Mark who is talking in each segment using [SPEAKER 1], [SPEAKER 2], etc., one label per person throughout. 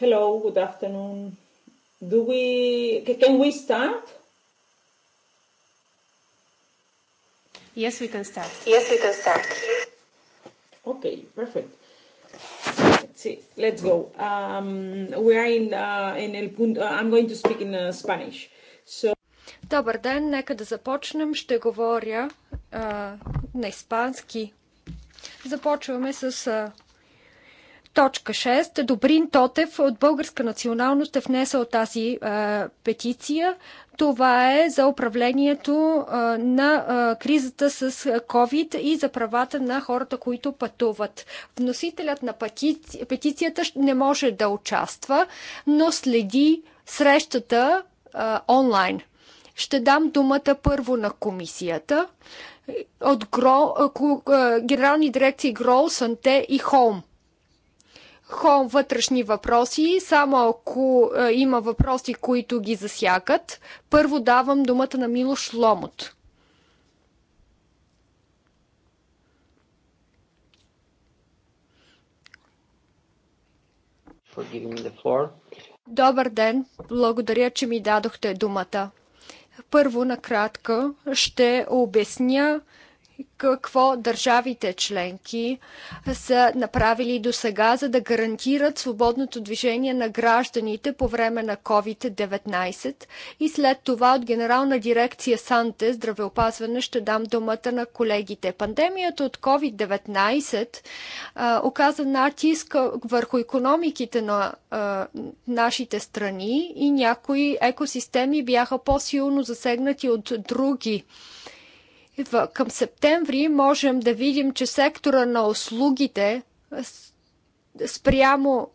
[SPEAKER 1] Hello, good afternoon. Do we, can we start? Yes, we can start. Yes, we can start. Okay, perfect. Let's see. Let's go. Um, we are in, uh, in el punto, I'm going to speak in uh, Spanish. So... Добър ден, нека да започнем.
[SPEAKER 2] Ще говоря uh, на испански. Започваме с uh, Точка 6. Добрин Тотев от българска националност е внесъл тази а, е, петиция. Това е за управлението а, е, на а, е, кризата с COVID и за правата на хората, които пътуват. Вносителят на петици... петицията не може да участва, но следи срещата а, онлайн. Ще дам думата първо на комисията от Гро... генерални дирекции Гроу, Санте и Холм хом вътрешни въпроси, само ако е, има въпроси, които ги засякат. Първо давам думата на Милош Ломот. Добър ден! Благодаря, че ми дадохте думата. Първо, накратко, ще обясня какво държавите членки са направили до сега, за да гарантират свободното движение на гражданите по време на COVID-19. И след това от Генерална дирекция Санте здравеопазване ще дам думата на колегите. Пандемията от COVID-19 оказа натиск върху економиките на а, нашите страни и някои екосистеми бяха по-силно засегнати от други към септември можем да видим, че сектора на услугите спрямо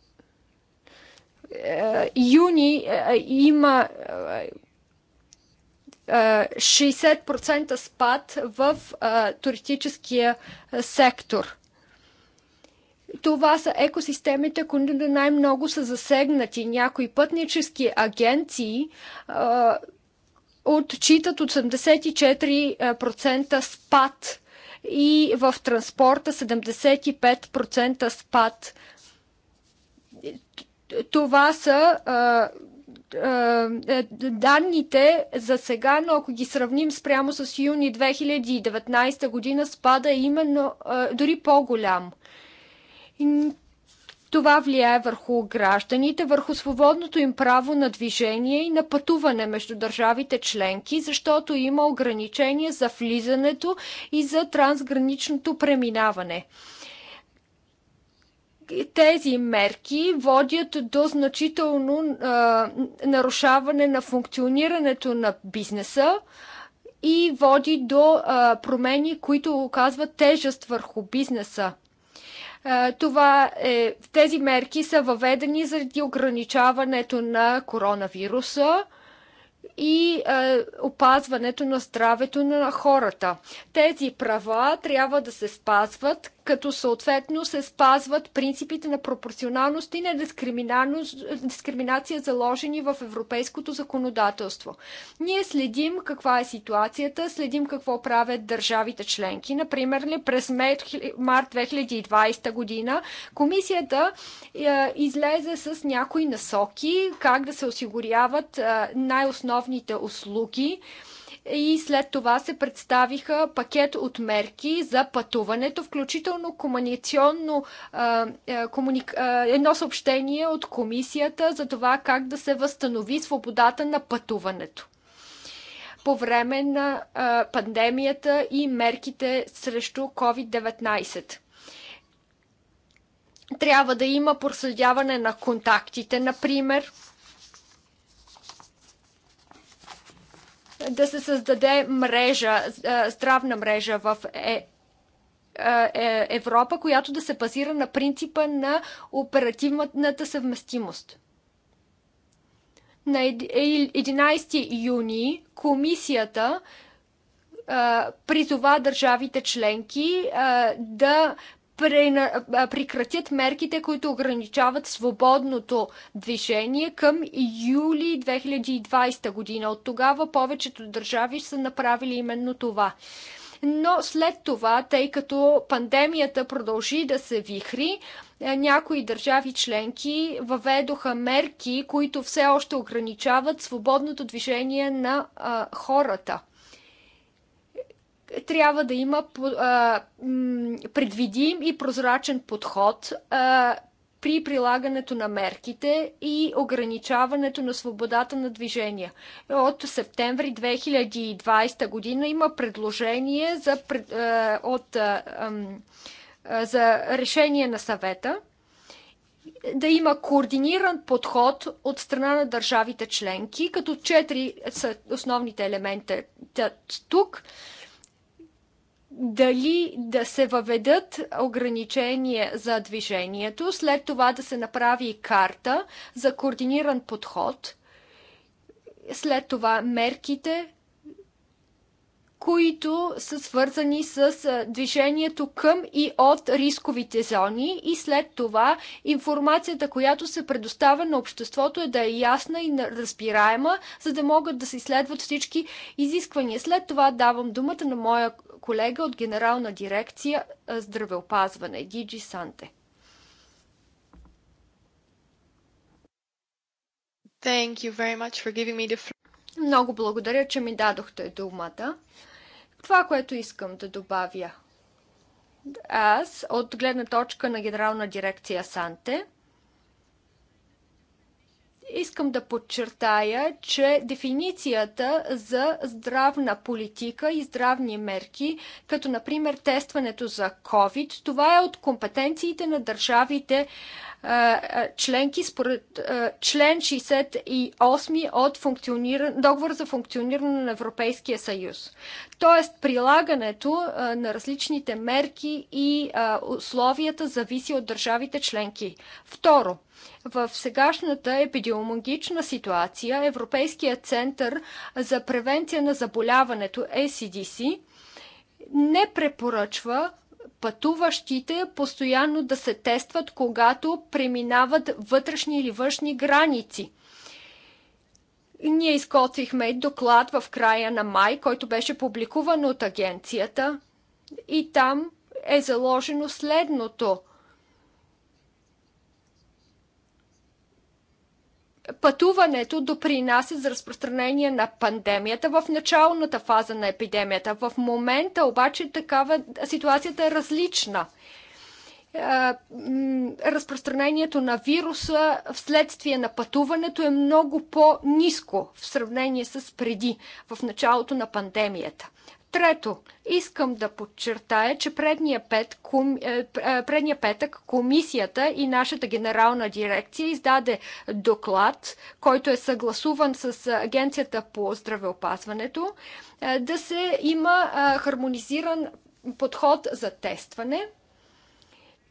[SPEAKER 2] е, юни е, е, има 60% спад в туристическия сектор. Това са екосистемите, които най-много са засегнати. Някои пътнически агенции отчитат 84% спад и в транспорта 75% спад. Това са е, данните за сега, но ако ги сравним спрямо с юни 2019 година, спада именно дори по-голям. Това влияе върху гражданите, върху свободното им право на движение и на пътуване между държавите членки, защото има ограничения за влизането и за трансграничното преминаване тези мерки водят до значително е, нарушаване на функционирането на бизнеса и води до е, промени, които оказват тежест върху бизнеса. Това е, тези мерки са въведени заради ограничаването на коронавируса и е, опазването на здравето на хората. Тези права трябва да се спазват като съответно се спазват принципите на пропорционалност и на дискриминация, заложени в европейското законодателство. Ние следим каква е ситуацията, следим какво правят държавите членки. Например, през март 2020 година комисията е, излезе с някои насоки как да се осигуряват е, най-основните услуги, и след това се представиха пакет от мерки за пътуването, включително комуникационно комуник... едно съобщение от комисията за това как да се възстанови свободата на пътуването по време на пандемията и мерките срещу COVID-19. Трябва да има проследяване на контактите, например, да се създаде мрежа, здравна мрежа в е, е, Европа, която да се базира на принципа на оперативната съвместимост. На 11 е, юни комисията призова държавите членки да прекратят мерките, които ограничават свободното движение към юли 2020 година. От тогава повечето държави са направили именно това. Но след това, тъй като пандемията продължи да се вихри, е, някои държави членки въведоха мерки, които все още ограничават свободното движение на а, хората трябва да има предвидим и прозрачен подход при прилагането на мерките и ограничаването на свободата на движение. От септември 2020 година има предложение за, от, за решение на съвета да има координиран подход от страна на държавите членки, като четири са основните елемента тук дали да се въведат ограничения за движението, след това да се направи карта за координиран подход, след това мерките, които са свързани с движението към и от рисковите зони и след това информацията, която се предоставя на обществото е да е ясна и разбираема, за да могат да се изследват всички изисквания. След това давам думата на моя колега от Генерална дирекция здравеопазване, Диджи Санте. Thank you very much for giving me the... Много благодаря, че ми дадохте думата. Това, което искам да добавя. Аз, от гледна точка на Генерална дирекция Санте, Искам да подчертая, че дефиницията за здравна политика и здравни мерки, като например тестването за COVID, това е от компетенциите на държавите е, е, членки според е, член 68 от функциониран, договор за функциониране на Европейския съюз. Тоест, прилагането на различните мерки и условията зависи от държавите членки. Второ, в сегашната епидемиологична ситуация Европейският център за превенция на заболяването ACDC е не препоръчва пътуващите постоянно да се тестват, когато преминават вътрешни или външни граници. Ние изготвихме доклад в края на май, който беше публикуван от агенцията и там е заложено следното – пътуването допринася за разпространение на пандемията в началната фаза на епидемията. В момента обаче такава ситуацията е различна. Е, разпространението на вируса вследствие на пътуването е много по-низко в сравнение с преди, в началото на пандемията. Трето, искам да подчертая, че предния, пет, ком, е, е, предния петък комисията и нашата генерална дирекция издаде доклад, който е съгласуван с Агенцията по здравеопазването, е, да се има хармонизиран подход за тестване.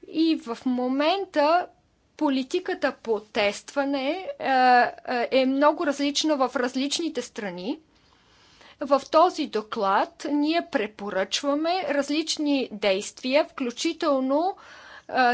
[SPEAKER 2] И в момента политиката по тестване е много различна в различните страни. В този доклад ние препоръчваме различни действия, включително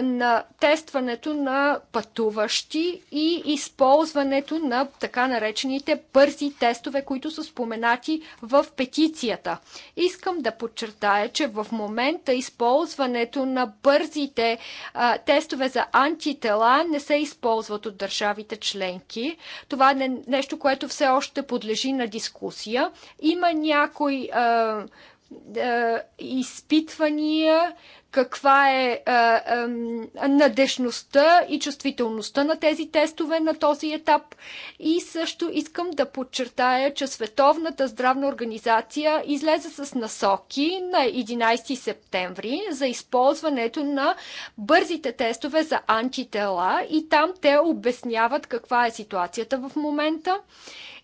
[SPEAKER 2] на тестването на пътуващи и използването на така наречените бързи тестове, които са споменати в петицията. Искам да подчертая, че в момента използването на бързите а, тестове за антитела не се използват от държавите членки. Това е нещо, което все още подлежи на дискусия. Има някои а, изпитвания, каква е надежността и чувствителността на тези тестове на този етап. И също искам да подчертая, че Световната здравна организация излезе с насоки на 11 септември за използването на бързите тестове за антитела и там те обясняват каква е ситуацията в момента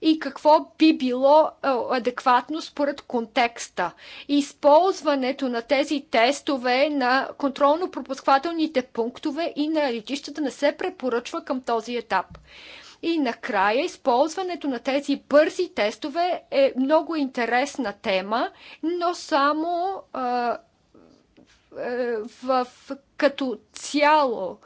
[SPEAKER 2] и какво би било е, адекватно според контекста. Използването на тези тестове на контролно-пропусквателните пунктове и на летищата не се препоръчва към този етап. И накрая използването на тези бързи тестове е много интересна тема, но само а, е, е, в, в, като цяло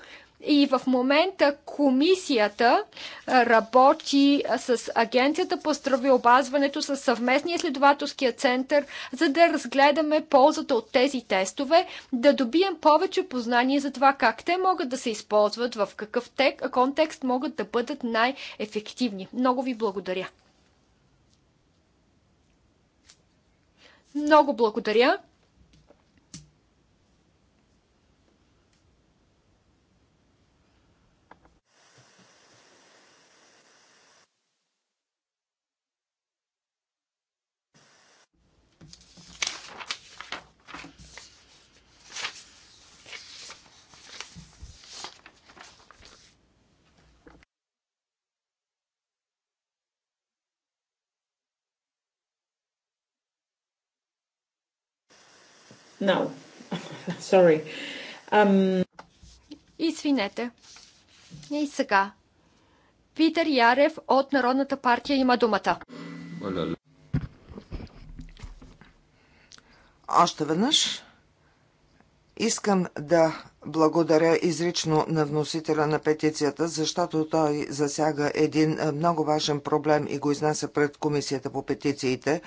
[SPEAKER 2] и в момента комисията работи с Агенцията по здравеопазването, с съвместния изследователския център, за да разгледаме ползата от тези тестове, да добием повече познание за това как те могат да се използват, в какъв тек, контекст могат да бъдат най-ефективни. Много ви благодаря. Много благодаря.
[SPEAKER 1] No. Sorry. Um...
[SPEAKER 2] Извинете. И сега. Питър Ярев от Народната партия има думата.
[SPEAKER 3] Още веднъж искам да благодаря изрично на вносителя на петицията, защото той засяга един много важен проблем и го изнася пред Комисията по петициите.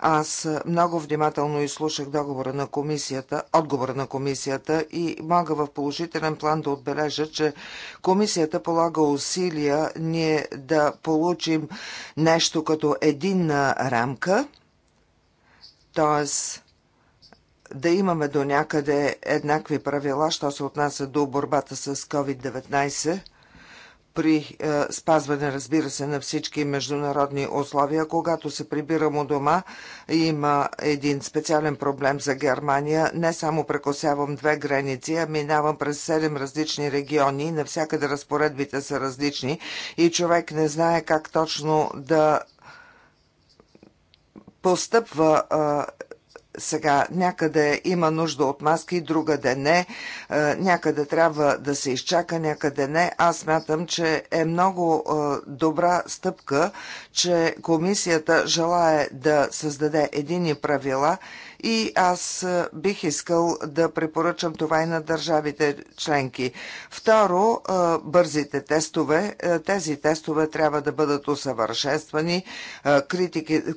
[SPEAKER 3] Аз много внимателно изслушах договора на комисията, отговора на комисията и мога в положителен план да отбележа, че комисията полага усилия ние да получим нещо като единна рамка, т.е да имаме до някъде еднакви правила, що се отнася до борбата с COVID-19 при е, спазване, разбира се, на всички международни условия. Когато се прибирам у дома, има един специален проблем за Германия. Не само прекосявам две граници, а минавам през седем различни региони. Навсякъде разпоредбите са различни и човек не знае как точно да постъпва Е, сега някъде има нужда от маски, другаде не, е, някъде трябва да се изчака, някъде не. Аз смятам, че е много е, добра стъпка, че комисията желае да създаде едини правила – и аз бих искал да препоръчам това и на държавите членки. Второ, бързите тестове. Тези тестове трябва да бъдат усъвършенствани.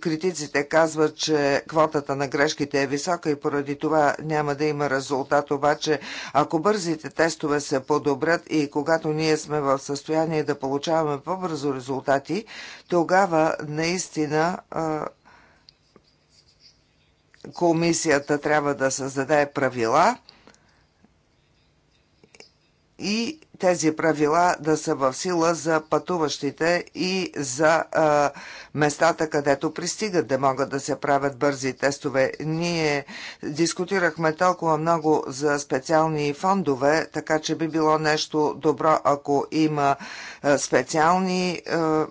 [SPEAKER 3] критиците казват, че квотата на грешките е висока и поради това няма да има резултат. Обаче, ако бързите тестове се подобрят и когато ние сме в състояние да получаваме по-бързо резултати, тогава наистина комисията трябва да създаде правила и тези правила да са в сила за пътуващите и за а, местата, където пристигат, да могат да се правят бързи тестове. Ние дискутирахме толкова много за специални фондове, така че би било нещо добро, ако има специални а,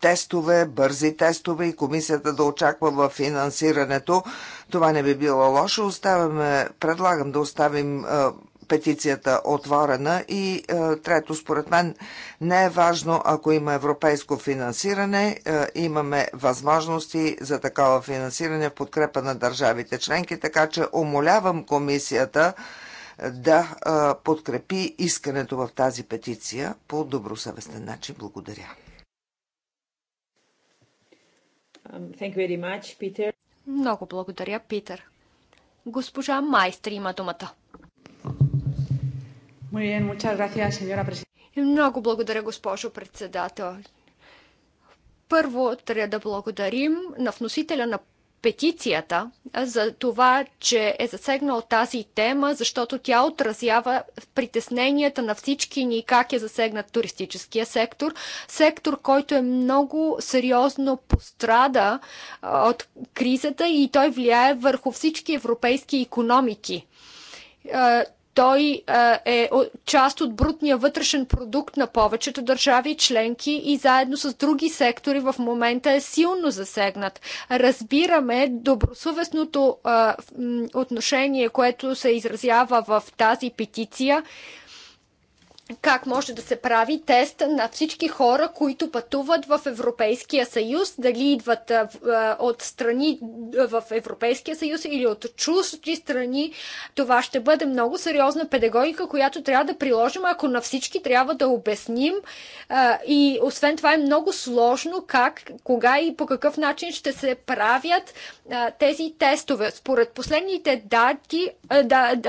[SPEAKER 3] тестове, бързи тестове и комисията да очаква в финансирането. Това не би било лошо. Оставяме, предлагам да оставим а, петицията отворена и е, трето, според мен не е важно, ако има европейско финансиране, е, имаме възможности за такова финансиране в подкрепа на държавите членки, така че умолявам комисията е, да подкрепи искането в тази петиция по добросъвестен начин. Благодаря.
[SPEAKER 1] Um, much, Много благодаря,
[SPEAKER 2] Питер. Госпожа Майстри има думата. Много благодаря, госпожо председател. Първо трябва да благодарим на вносителя на петицията за това, че е засегнал тази тема, защото тя отразява притесненията на всички ни как е засегнат туристическия сектор. Сектор, който е много сериозно пострада от кризата и той влияе върху всички европейски економики той е, е част от брутния вътрешен продукт на повечето държави членки и заедно с други сектори в момента е силно засегнат. Разбираме добросъвестното е, отношение, което се изразява в тази петиция как може да се прави тест на всички хора, които пътуват в Европейския съюз, дали идват от страни в Европейския съюз или от чужди страни. Това ще бъде много сериозна педагогика, която трябва да приложим, ако на всички трябва да обясним. И освен това е много сложно как, кога и по какъв начин ще се правят тези тестове. Според последните дати,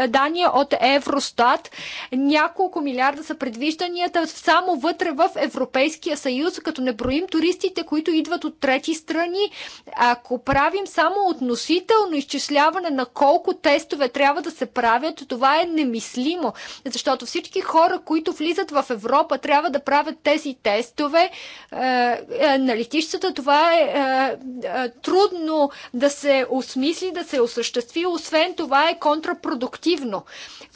[SPEAKER 2] Дания от Евростат, няколко милиарда са предвижданията само вътре в Европейския съюз, като не броим туристите, които идват от трети страни. Ако правим само относително изчисляване на колко тестове трябва да се правят, това е немислимо, защото всички хора, които влизат в Европа, трябва да правят тези тестове. Е, е, на летищата това е, е трудно да се осмисли, да се осъществи. Освен това е контрапродуктивно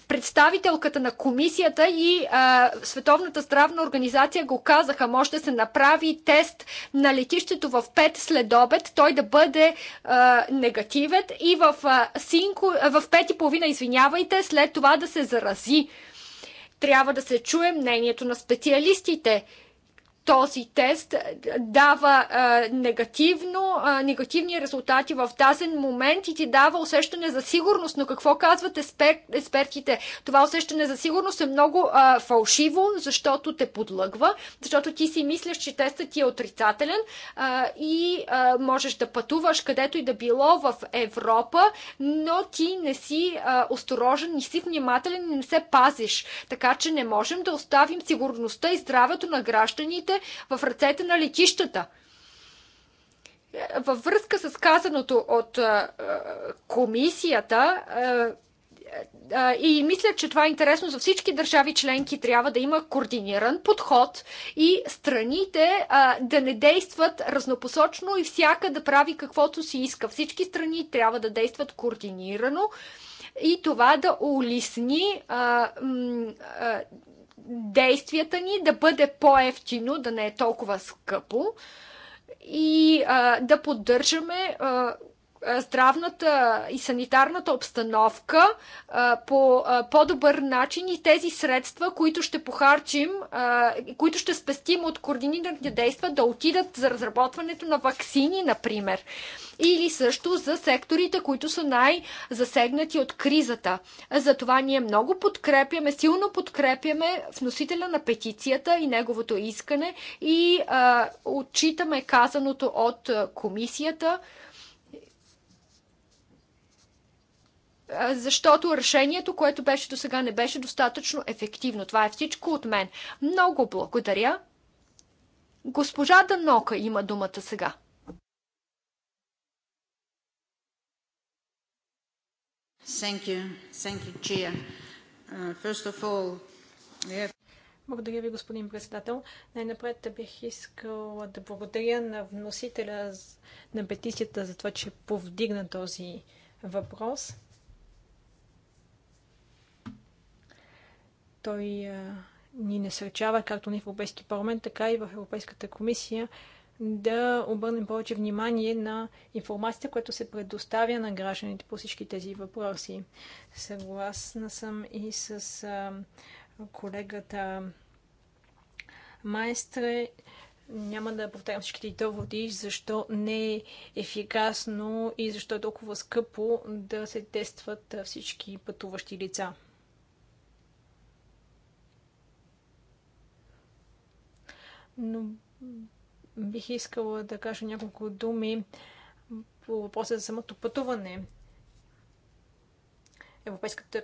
[SPEAKER 2] представителката на комисията и а, Световната здравна организация го казаха, може да се направи тест на летището в 5 след обед, той да бъде а, негативен и в, а, синко, в 5 и половина, извинявайте, след това да се зарази. Трябва да се чуе мнението на специалистите този тест е, дава а, е, негативно, а, е, негативни резултати в тази момент и ти дава усещане за сигурност. Но какво казват еспер, експертите? Това усещане за сигурност е много а, фалшиво, защото те подлъгва, защото ти си мислиш, че тестът ти е отрицателен а, и а, можеш да пътуваш където и да било в Европа, но ти не си а, осторожен, не си внимателен и не се пазиш. Така че не можем да оставим сигурността и здравето на гражданите бъде в ръцете на летищата. Във връзка с казаното от комисията, и мисля, че това е интересно за всички държави членки. Трябва да има координиран подход и страните а, да не действат разнопосочно и всяка да прави каквото си иска. Всички страни трябва да действат координирано и това да улесни а, а, действията ни да бъде по-ефтино, да не е толкова скъпо и а, да поддържаме а, здравната и санитарната обстановка по по-добър начин и тези средства, които ще похарчим, които ще спестим от координираните действа, да отидат за разработването на вакцини, например. Или също за секторите, които са най-засегнати от кризата. Затова ние много подкрепяме, силно подкрепяме вносителя на петицията и неговото искане и а, отчитаме казаното от комисията. защото решението, което беше до сега, не беше достатъчно ефективно. Това е всичко от мен. Много благодаря. Госпожа Данока има думата сега.
[SPEAKER 4] Thank you. Thank you, Uh, first of all, yeah. Благодаря ви, господин председател. Най-напред бих искал да благодаря на вносителя на петицията за това, че повдигна този въпрос. Той а, ни насърчава, както в Европейски парламент, така и в Европейската комисия, да обърнем повече внимание на информацията, която се предоставя на гражданите по всички тези въпроси. Съгласна съм и с а, колегата Майстре. Няма да повтарям всичките доводи, защо не е ефикасно и защо е толкова скъпо да се тестват всички пътуващи лица. но бих искала да кажа няколко думи по въпроса за самото пътуване. Европейската,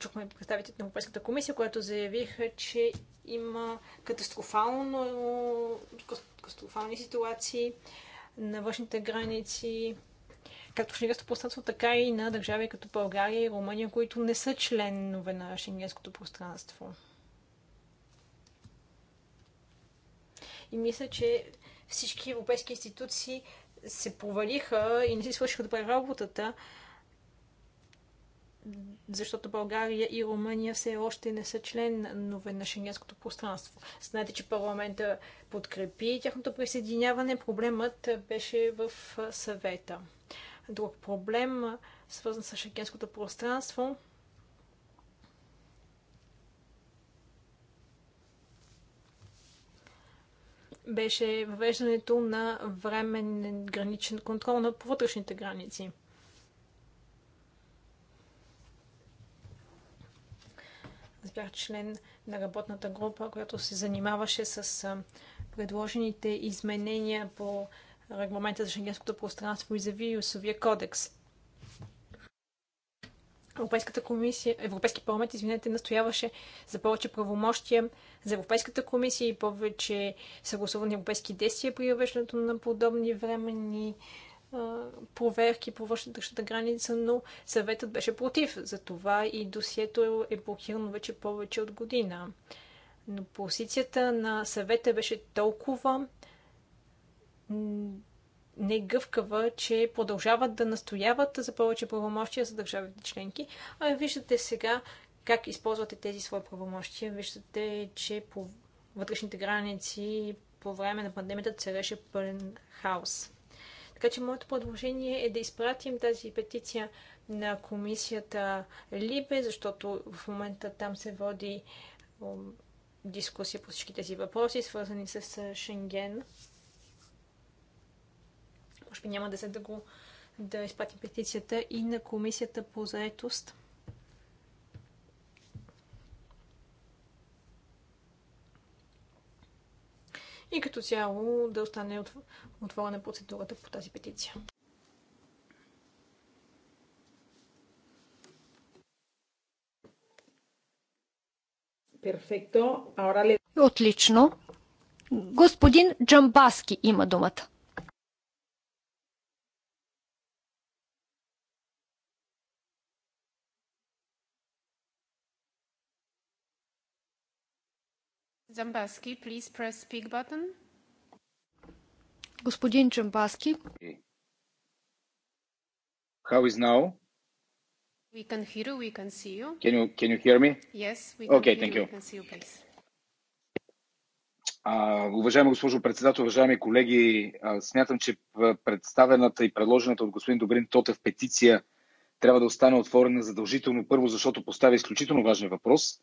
[SPEAKER 4] чухме представителите на Европейската комисия, която заявиха, че има катастрофално, катастрофални ситуации на външните граници, както в шенгенското пространство, така и на държави като България и Румъния, които не са членове на шенгенското пространство. И мисля, че всички европейски институции се провалиха и не си свършиха добре работата, защото България и Румъния все още не са членове на шенгенското пространство. Знаете, че парламента подкрепи тяхното присъединяване. Проблемът беше в съвета. Друг проблем, свързан с шенгенското пространство, беше въвеждането на временен граничен контрол на вътрешните граници. Аз бях член на работната група, която се занимаваше с предложените изменения по регламента за шенгенското пространство и за Виусовия кодекс. Европейската комисия, Европейски парламент, извинете, настояваше за повече правомощия за Европейската комисия и повече съгласувани европейски действия при въвеждането на подобни временни проверки по външната граница, но съветът беше против. Затова и досието е блокирано вече повече от година. Но позицията на съвета беше толкова не гъвкава, че продължават да настояват за повече правомощия за държавите членки. А виждате сега как използвате тези свои правомощия. Виждате, че по вътрешните граници по време на пандемията цареше пълен хаос. Така че моето предложение е да изпратим тази петиция на комисията Либе, защото в момента там се води дискусия по всички тези въпроси, свързани с Шенген. Може би няма да се да го да изпрати петицията и на комисията по заетост. И като цяло да остане отворена процедурата по тази петиция.
[SPEAKER 1] Перфекто.
[SPEAKER 2] Отлично. Господин Джамбаски има думата.
[SPEAKER 1] Джамбаски, please press speak button.
[SPEAKER 2] Господин Джамбаски.
[SPEAKER 5] How is now?
[SPEAKER 1] We can hear you, we can see you.
[SPEAKER 5] Can you, can you hear me?
[SPEAKER 1] Yes, we can okay, hear thank you. you. We can see you, please.
[SPEAKER 5] Uh, уважаема госпожо председател, уважаеми колеги, uh, смятам, че представената и предложената от господин Добрин Тотев петиция трябва да остане отворена задължително първо, защото поставя изключително важен въпрос –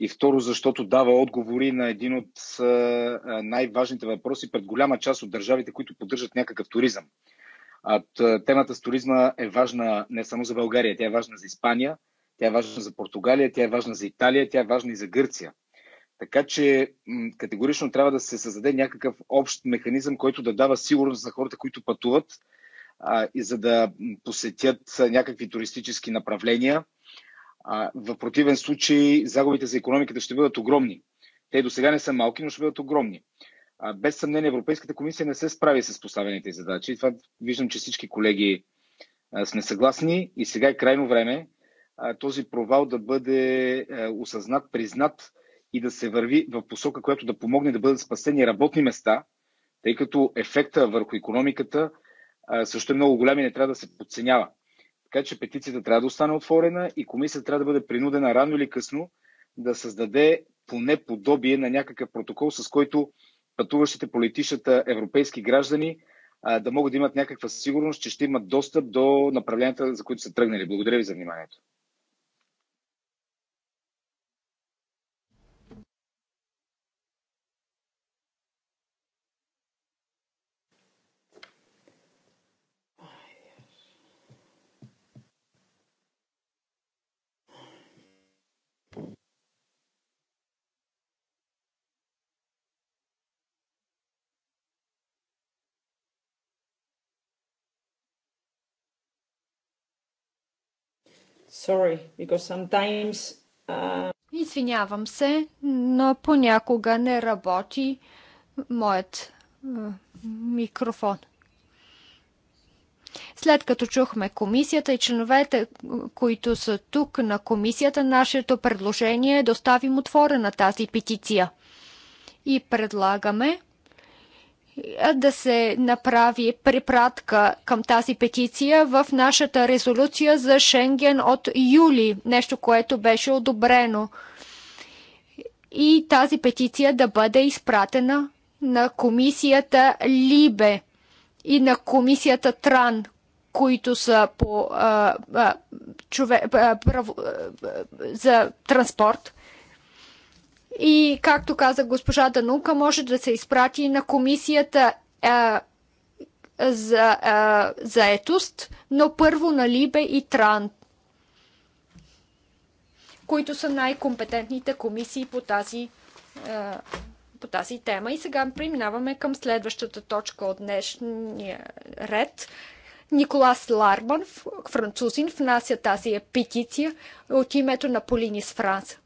[SPEAKER 5] и второ, защото дава отговори на един от най-важните въпроси пред голяма част от държавите, които поддържат някакъв туризъм. А темата с туризма е важна не само за България, тя е важна за Испания, тя е важна за Португалия, тя е важна за Италия, тя е важна и за Гърция. Така че категорично трябва да се създаде някакъв общ механизъм, който да дава сигурност за хората, които пътуват а, и за да посетят някакви туристически направления а, в противен случай загубите за економиката ще бъдат огромни. Те до сега не са малки, но ще бъдат огромни. А, без съмнение Европейската комисия не се справи с поставените задачи. Това виждам, че всички колеги а, сме съгласни и сега е крайно време а, този провал да бъде а, осъзнат, признат и да се върви в посока, която да помогне да бъдат спасени работни места, тъй като ефекта върху економиката а, също е много голям и не трябва да се подценява. Така че петицията трябва да остане отворена и комисията трябва да бъде принудена рано или късно да създаде поне подобие на някакъв протокол, с който пътуващите по летищата европейски граждани а, да могат да имат някаква сигурност, че ще имат достъп до направленията, за които са тръгнали. Благодаря ви за вниманието.
[SPEAKER 1] Sorry, because sometimes... Uh...
[SPEAKER 2] Извинявам се, но понякога не работи моят uh, микрофон. След като чухме комисията и членовете, които са тук на комисията, нашето предложение е да оставим отворена тази петиция. И предлагаме да се направи препратка към тази петиция в нашата резолюция за Шенген от юли, нещо, което беше одобрено. И тази петиция да бъде изпратена на комисията Либе и на комисията Тран, които са по а, а, чове, а, право, а, за транспорт и, както каза госпожа Данука, може да се изпрати на комисията а, за а, заетост, но първо на Либе и Тран, които са най-компетентните комисии по тази, а, по тази тема. И сега преминаваме към следващата точка от днешния ред. Николас Ларман, французин, внася тази петиция от името на Полинис Франс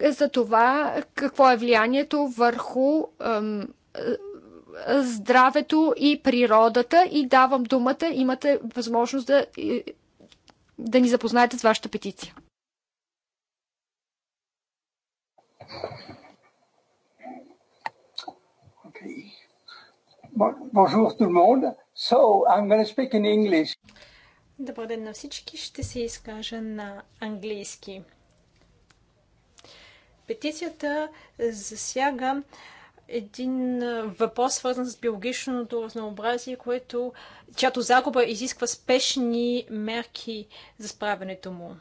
[SPEAKER 2] за това какво е влиянието върху здравето и природата и давам думата, имате възможност да, да ни запознаете с вашата петиция.
[SPEAKER 3] Bonjour tout le monde. So I'm going to speak in English.
[SPEAKER 4] Добър ден на всички. Ще се изкажа на английски. Петицията засяга един въпрос, свързан с биологичното разнообразие, което, чиято загуба изисква спешни мерки за справянето му.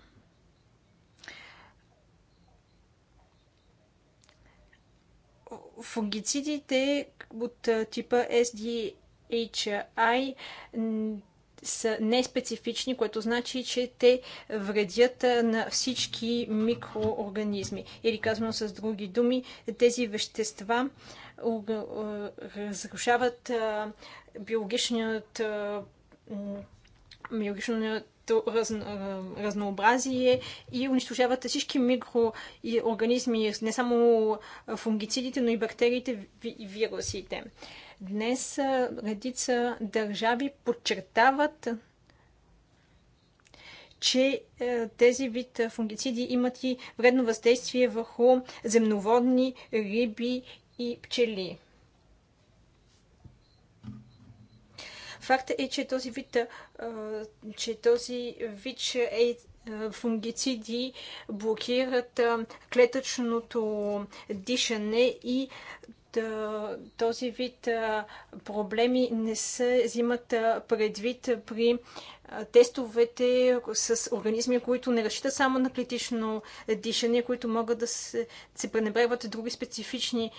[SPEAKER 4] Фунгицидите от типа SDHI са неспецифични, което значи, че те вредят на всички микроорганизми. Или казвам с други думи, тези вещества разрушават биологичният биологичният разнообразие и унищожават всички микроорганизми, не само фунгицидите, но и бактериите и вирусите. Днес редица държави подчертават, че е, тези вид фунгициди имат и вредно въздействие върху земноводни риби и пчели. Факт е, че този вид, че този вид е, е фунгициди блокират клетъчното дишане и този вид проблеми не се взимат предвид при тестовете с организми, които не разчитат само на критично дишане, които могат да се, се пренебрегват други специфични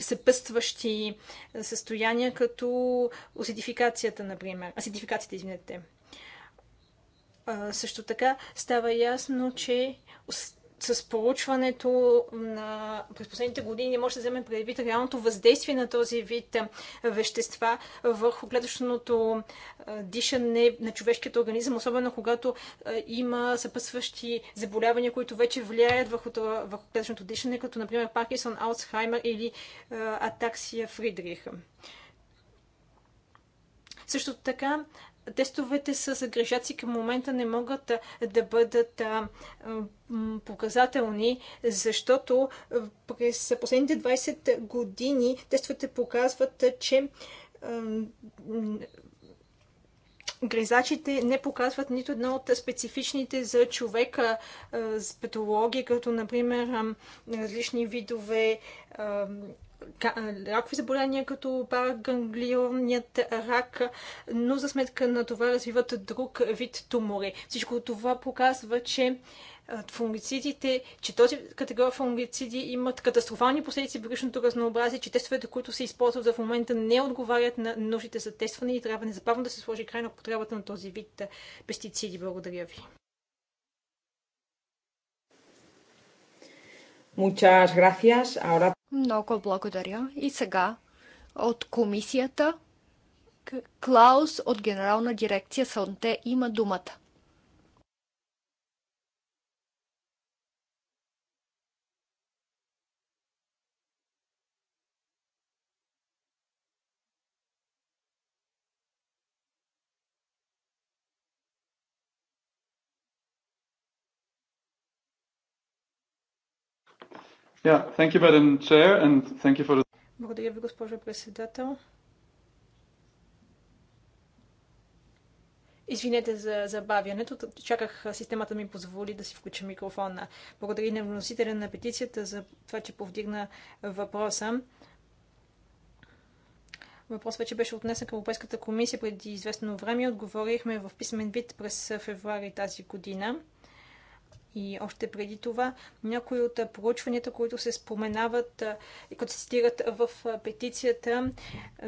[SPEAKER 4] съпъстващи състояния, като осидификацията, например. Осидификацията, извинете. Също така става ясно, че с проучването на през последните години може да вземе предвид реалното въздействие на този вид вещества върху гледащото дишане на човешкият организъм, особено когато има съпъсващи заболявания, които вече влияят върху, това, върху гледащото дишане, като например Паркинсон, Алцхаймер или атаксия Фридрих. Също така тестовете с грешаци към момента не могат да бъдат показателни, защото през последните 20 години тестовете показват, че гризачите не показват нито една от специфичните за човека с патологии, като например различни видове ракови заболявания, като параганглионният рак, но за сметка на това развиват друг вид тумори. Всичко това показва, че фунгицидите, че този категория фунгициди имат катастрофални последици в биологичното разнообразие, че тестовете, които се използват за в момента, не отговарят на нуждите за тестване и трябва незабавно да се сложи край на потребата на този вид пестициди. Благодаря ви.
[SPEAKER 1] Muchas gracias. Ahora...
[SPEAKER 2] Много благодаря. И сега от комисията Клаус от Генерална дирекция Сонте има думата.
[SPEAKER 5] Yeah, thank you, Madam
[SPEAKER 1] Chair, and thank you for the...
[SPEAKER 4] Благодаря ви, госпожо председател. Извинете за забавянето. Чаках системата ми позволи да си включа микрофона. Благодаря на вносителя на петицията за това, че повдигна въпроса. Въпрос вече беше отнесен към Европейската комисия преди известно време. Отговорихме в писмен вид през февруари тази година. И още преди това, някои от проучванията, които се споменават и които се цитират в петицията,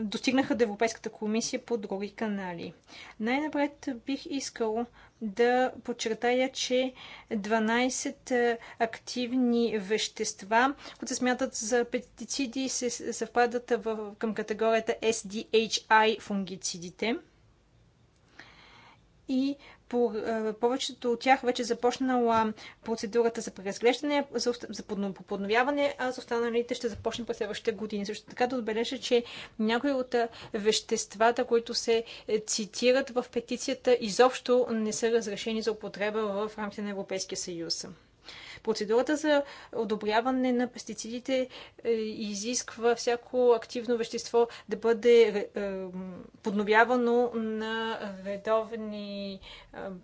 [SPEAKER 4] достигнаха до Европейската комисия по други канали. Най-напред бих искал да подчертая, че 12 активни вещества, които се смятат за пестициди, се съвпадат в, към категорията SDHI фунгицидите. И по е, повечето от тях вече започнала процедурата за преразглеждане, за, за подновяване, а за останалите ще започне през следващите години. Също така да отбележа, че някои от е, веществата, които се е, цитират в петицията, изобщо не са разрешени за употреба в рамките на Европейския съюз. Процедурата за одобряване на пестицидите е, изисква всяко активно вещество да бъде е, е, подновявано на редовни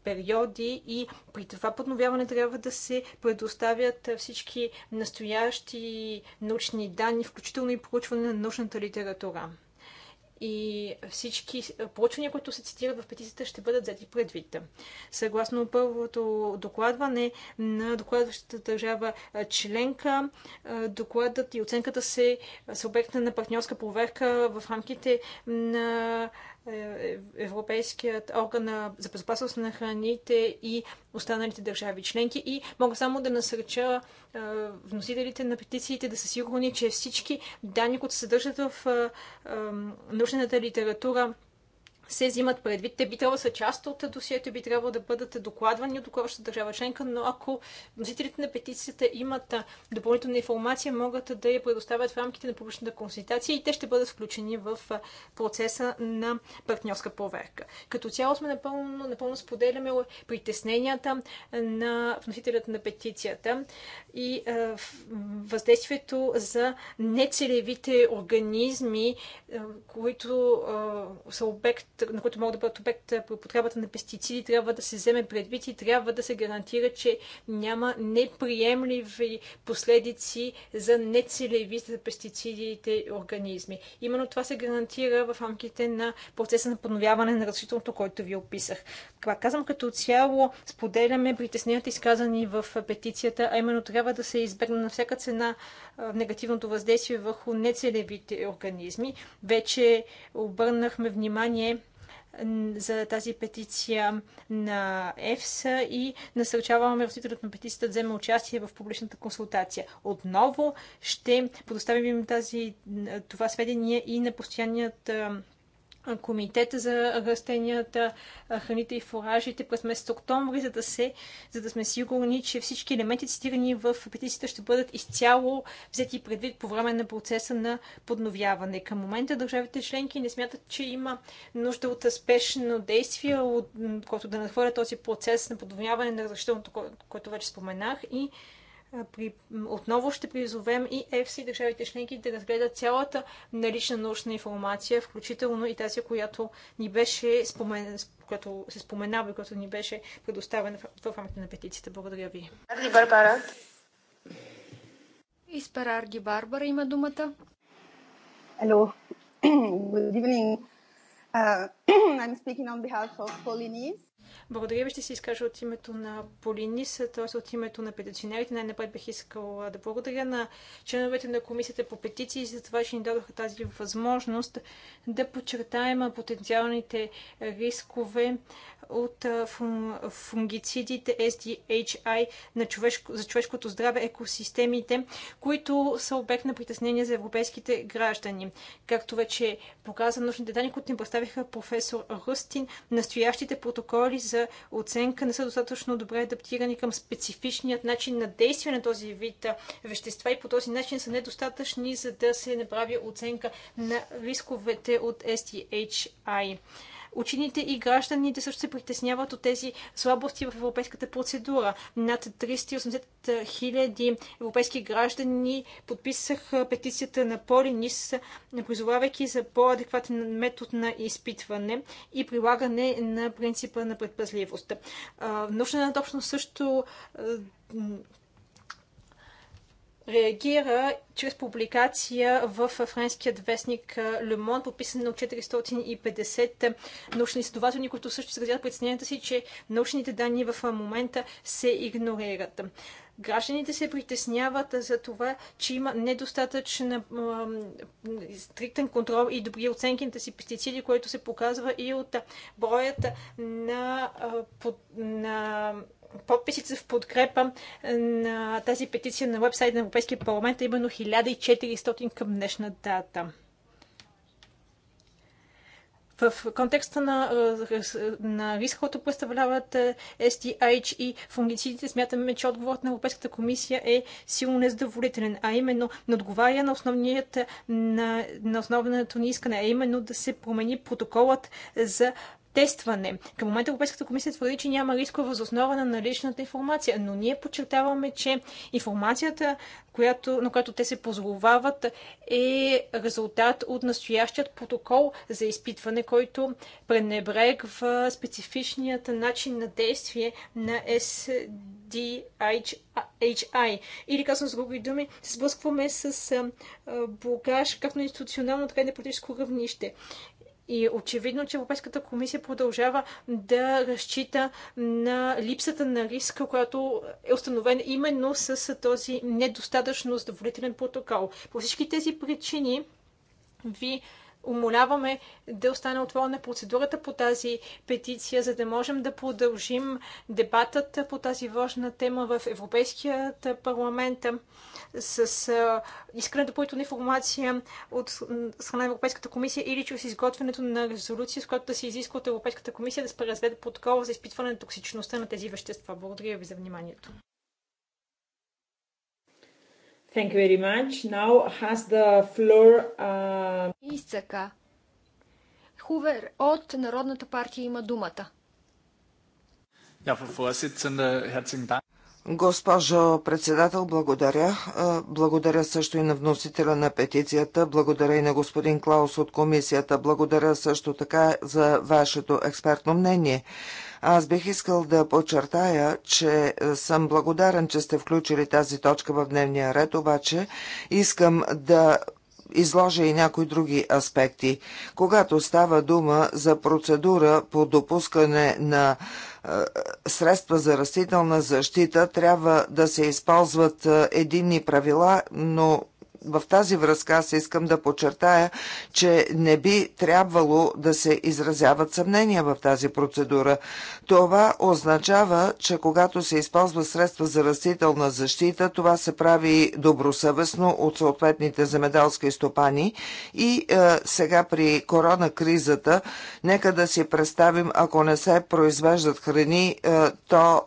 [SPEAKER 4] периоди и при това подновяване трябва да се предоставят всички настоящи научни данни, включително и проучване на научната литература и всички проучвания, които се цитират в петицията, ще бъдат взети предвид. Съгласно първото докладване на докладващата държава членка, докладът и оценката се субекта на партньорска проверка в рамките на е, е, Европейският орган за безопасност на храните и останалите държави членки. И мога само да насърча е, вносителите на петициите да са сигурни, че всички данни, които се съдържат в научната литература, се взимат предвид. Те би трябвало да са част от досието, би трябвало да бъдат докладвани от докладващата държава членка, но ако носителите на петицията имат допълнителна информация, могат да я предоставят в рамките на публичната консултация и те ще бъдат включени в процеса на партньорска проверка. Като цяло сме напълно, напълно споделяме притесненията на вносителят на петицията и е, въздействието за нецелевите организми, които е, са обект на които могат да бъдат обект по потребата на пестициди, трябва да се вземе предвид и трябва да се гарантира, че няма неприемливи последици за нецелеви за пестицидите организми. Именно това се гарантира в рамките на процеса на подновяване на разрешителното, който ви описах. Пак казвам, като цяло споделяме притесненията изказани в петицията, а именно трябва да се избегне на всяка цена негативното въздействие върху нецелевите организми. Вече обърнахме внимание за тази петиция на ЕФСА и насълчаваме вносителят на петицията да вземе участие в публичната консултация. Отново ще предоставим тази, това сведение и на постоянният Комитета за растенията, храните и фуражите през месец октомври, за да, се, за да сме сигурни, че всички елементи, цитирани в петицията, ще бъдат изцяло взети предвид по време на процеса на подновяване. Към момента държавите членки не смятат, че има нужда от спешно действие, от, което да надхвърля този процес на подновяване на разрешителното, което вече споменах. И при... отново ще призовем и ЕФСИ и държавите членки да разгледат цялата налична научна информация, включително и тази, която ни беше спомен... която се споменава и която ни беше предоставена в, в рамките на петицията. Благодаря ви. Арги Барбара.
[SPEAKER 2] Испера Арги Барбара има думата.
[SPEAKER 4] Hello. Good evening. Uh, I'm speaking on behalf of Polynes. Благодаря ви, ще се изкажа от името на Полинис, т.е. от името на петиционерите. Най-напред бих искала да благодаря на членовете на Комисията по петиции за това, че ни дадоха тази възможност да подчертаем потенциалните рискове от фунгицидите SDHI на човешко, за човешкото здраве екосистемите, които са обект на притеснение за европейските граждани. Както вече показа научните данни, които ни представиха професор Ръстин, настоящите протоколи за за оценка не са достатъчно добре адаптирани към специфичният начин на действие на този вид вещества и по този начин са недостатъчни, за да се направи оценка на рисковете от STHI. Учените и гражданите също се притесняват от тези слабости в европейската процедура. Над 380 хиляди европейски граждани подписаха петицията на Полинис, призовавайки за по-адекватен метод на изпитване и прилагане на принципа на предпазливост. на общност също реагира чрез публикация в френският вестник Le Monde, подписан на 450 научни изследователи, които също изразяват притесненията си, че научните данни в момента се игнорират. Гражданите се притесняват за това, че има недостатъчен стриктен контрол и добри оценки на си пестициди, което се показва и от броят на, на подписите в подкрепа на тази петиция на вебсайт на Европейския парламент, а именно 1400 към днешна дата в контекста на, на риска, който представляват STH и фунгицидите, смятаме, че отговорът на Европейската комисия е силно незадоволителен, а именно не отговаря на, основният, на, на основното ни искане, а именно да се промени протоколът за тестване. Към момента Европейската комисия твърди, че няма рискове за основа на наличната информация, но ние подчертаваме, че информацията, която, на която те се позовават, е резултат от настоящият протокол за изпитване, който пренебрегва специфичният начин на действие на SDHI. Или казвам с други думи, се сблъскваме с блокаж както на институционално, така и на политическо равнище. И очевидно, че Европейската комисия продължава да разчита на липсата на риска, която е установена именно с този недостатъчно задоволителен протокол. По всички тези причини ви умоляваме да остане отворена процедурата по тази петиция, за да можем да продължим дебатът по тази важна тема в Европейският парламент с по допълнителна информация от страна на Европейската комисия или чрез изготвянето на резолюция, с която да се изисква от Европейската комисия да споразгледа протокола за изпитване на токсичността на тези вещества. Благодаря ви за
[SPEAKER 1] вниманието. Thank you very much. Now has the floor... Uh... Хувер от
[SPEAKER 2] Народната партия има думата.
[SPEAKER 3] Госпожо председател, благодаря. Благодаря също и на вносителя на петицията. Благодаря и на господин Клаус от комисията. Благодаря също така за вашето експертно мнение. Аз бих искал да подчертая, че е, съм благодарен, че сте включили тази точка в дневния ред, обаче искам да изложа и някои други аспекти. Когато става дума за процедура по допускане на е, средства за растителна защита трябва да се използват е, единни правила, но в тази връзка аз искам да подчертая, че не би трябвало да се изразяват съмнения в тази процедура. Това означава, че когато се използва средства за растителна защита, това се прави добросъвестно от съответните земеделски стопани и е, сега при корона кризата, нека да си представим, ако не се произвеждат храни, е, то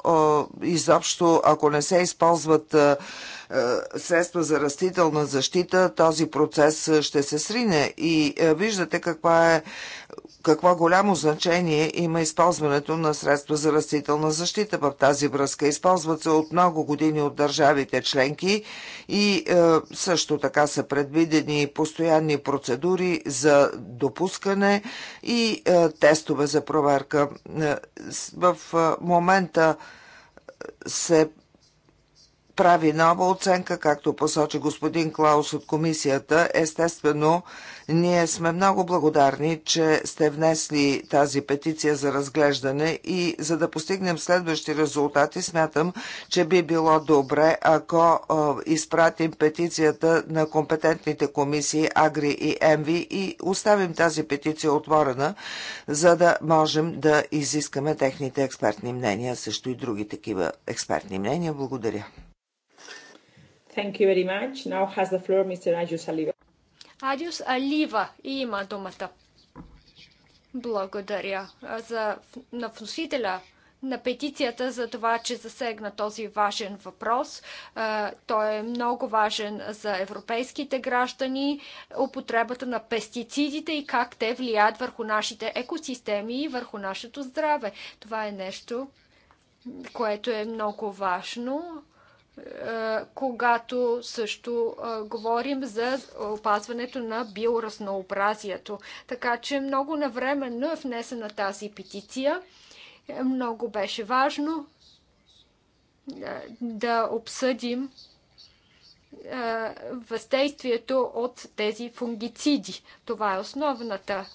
[SPEAKER 3] е, изобщо, ако не се използват е, е, средства за растителна защита, този процес е, ще се срине. И е, виждате каква е какво голямо значение има използването на средства за растителна защита в тази връзка. Използват се от много години от държавите членки и е, също така са предвидени постоянни процедури за допускане и е, тестове за проверка. В момента се прави нова оценка, както посочи господин Клаус от комисията. Естествено, ние сме много благодарни, че сте внесли тази петиция за разглеждане и за да постигнем следващи резултати, смятам, че би било добре, ако изпратим петицията на компетентните комисии Агри и Емви и оставим тази петиция отворена, за да можем да изискаме техните експертни мнения, също и други такива експертни мнения. Благодаря.
[SPEAKER 1] Thank you very much. Now has the floor Mr. Ajus Aliva.
[SPEAKER 2] Ajus Алива има думата. Благодаря за, на вносителя на петицията за това, че засегна този важен въпрос. Той е много важен за европейските граждани, употребата на пестицидите и как те влияят върху нашите екосистеми и върху нашето здраве. Това е нещо, което е много важно е, когато също е, говорим за опазването на биоразнообразието. Така че много навременно е внесена тази петиция. Е, много беше важно да обсъдим въздействието от тези фунгициди. Това е основната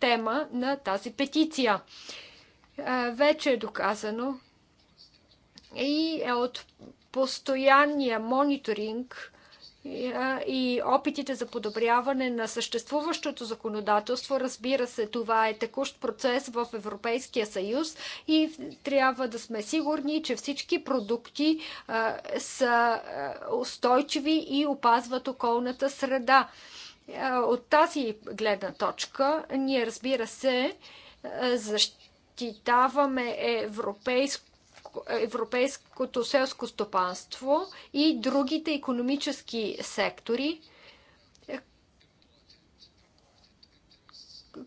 [SPEAKER 2] тема на тази петиция. Вече е доказано и е от постоянния мониторинг и опитите за подобряване на съществуващото законодателство. Разбира се, това е текущ процес в Европейския съюз и трябва да сме сигурни, че всички продукти са устойчиви и опазват околната среда. От тази гледна точка, ние разбира се, защитаваме европейско европейското селско стопанство и другите економически сектори,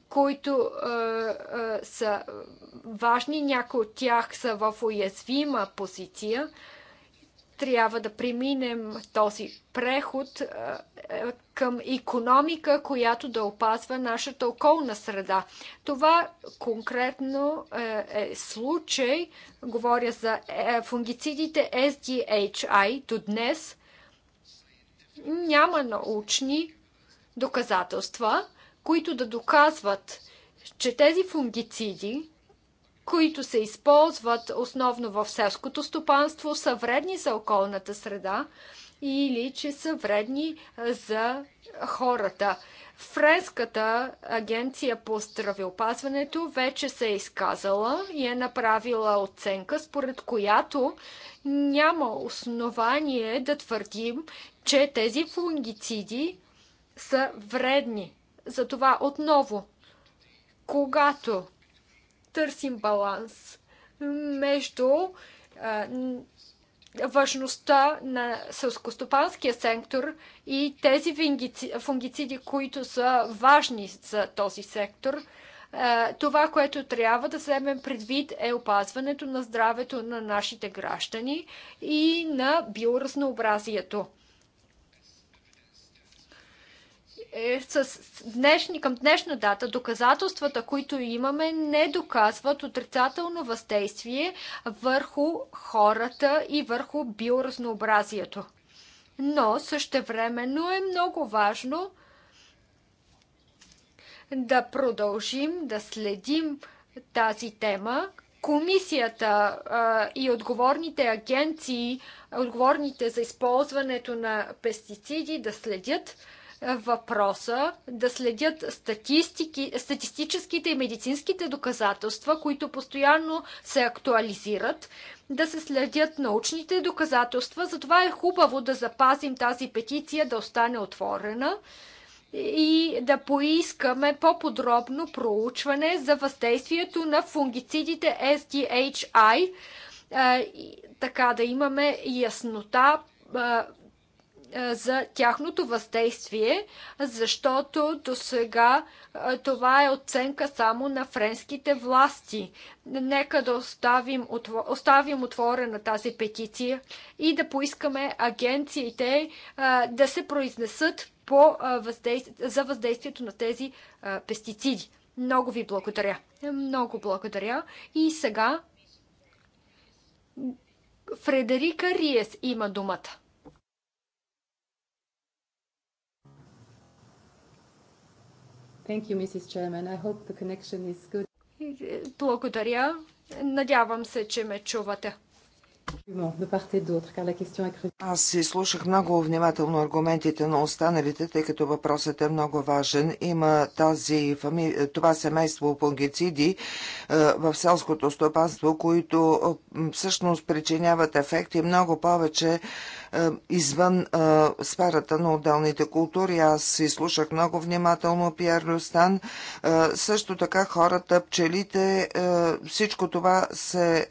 [SPEAKER 2] които е, е, са важни. Някои от тях са в уязвима позиция трябва да преминем този преход е, към економика, която да опазва нашата околна среда. Това конкретно е, е случай, говоря за е, фунгицидите SDHI до днес, няма научни доказателства, които да доказват, че тези фунгициди които се използват основно в селското стопанство, са вредни за околната среда или че са вредни за хората. Френската агенция по здравеопазването вече се е изказала и е направила оценка, според която няма основание да твърдим, че тези фунгициди са вредни. Затова отново, когато търсим баланс между важността на сълскостопанския сектор и тези фунгициди, които са важни за този сектор. Това, което трябва да вземем предвид е опазването на здравето на нашите граждани и на биоразнообразието. Е, с днешни, към днешна дата доказателствата, които имаме, не доказват отрицателно въздействие върху хората и върху биоразнообразието. Но същевременно е много важно да продължим да следим тази тема. Комисията а, и отговорните агенции, отговорните за използването на пестициди, да следят въпроса, да следят статистики, статистическите и медицинските доказателства, които постоянно се актуализират, да се следят научните доказателства. Затова е хубаво да запазим тази петиция, да остане отворена и да поискаме по-подробно проучване за въздействието на фунгицидите SDHI, така да имаме яснота е, за тяхното въздействие, защото до сега е, това е оценка само на френските власти. Нека да оставим, оставим отворена тази петиция и да поискаме агенциите е, да се произнесат по въздействие, за въздействието на тези пестициди. Много ви благодаря. Много благодаря. И сега Фредерика Риес има думата.
[SPEAKER 1] Thank you, Mrs. Chairman. I hope the connection is good.
[SPEAKER 2] Благодаря. Надявам се, че ме чувате.
[SPEAKER 3] Аз слушах много внимателно аргументите на останалите, тъй като въпросът е много важен. Има тази фами... това семейство фунгициди е, в селското стопанство, които е, всъщност причиняват ефекти много повече е, извън а, сферата на отделните култури. Аз слушах много внимателно Пьер Люстан. А, също така хората, пчелите, а, всичко това се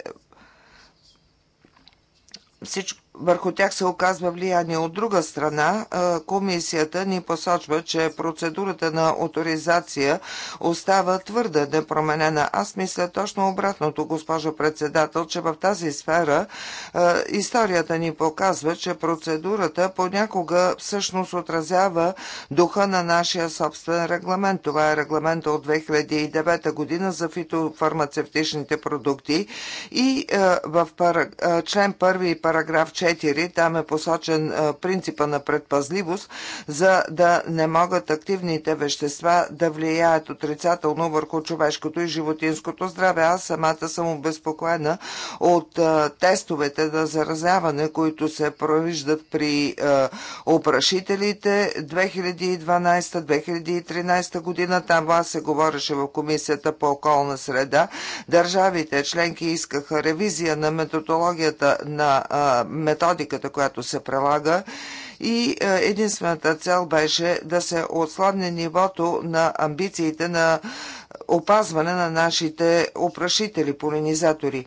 [SPEAKER 3] всичко, върху тях се оказва влияние. От друга страна, комисията ни посочва, че процедурата на авторизация остава твърда непроменена. Аз мисля точно обратното, госпожо председател, че в тази сфера историята ни показва, че процедурата понякога всъщност отразява духа на нашия собствен регламент. Това е регламента от 2009 година за фитофармацевтичните продукти и в член 1 и параграф 4 4, там е посочен принципа на предпазливост, за да не могат активните вещества да влияят отрицателно върху човешкото и животинското здраве. Аз самата съм обезпокоена от тестовете за заразяване, които се провиждат при опрашителите 2012-2013 година. Там вас се говореше в Комисията по околна среда. Държавите членки искаха ревизия на методологията на а, методиката, която се прилага и е, единствената цел беше да се отслабне нивото на амбициите на опазване на нашите опрашители, полинизатори.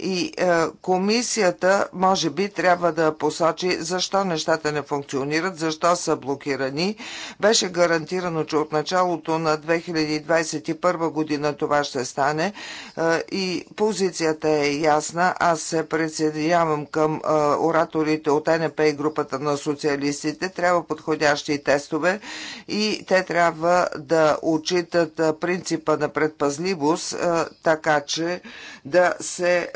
[SPEAKER 3] И е, комисията, може би, трябва да посочи защо нещата не функционират, защо са блокирани. Беше гарантирано, че от началото на 2021 година това ще стане. Е, и позицията е ясна. Аз се присъединявам към е, ораторите от НП и групата на социалистите. Трябва подходящи тестове и те трябва да отчитат е, принципа на предпазливост, е, така че да се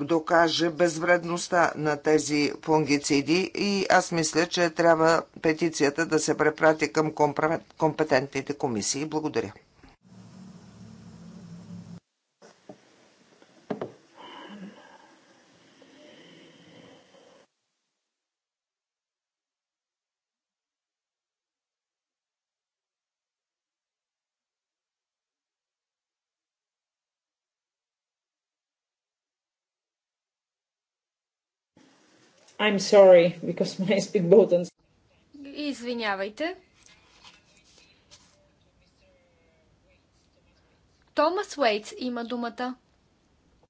[SPEAKER 3] докаже безвредността на тези фунгициди и аз мисля, че трябва петицията да се препрати към компетентните комисии. Благодаря.
[SPEAKER 1] I'm sorry, because my speak buttons.
[SPEAKER 2] Извинявайте. Томас Уейтс има думата.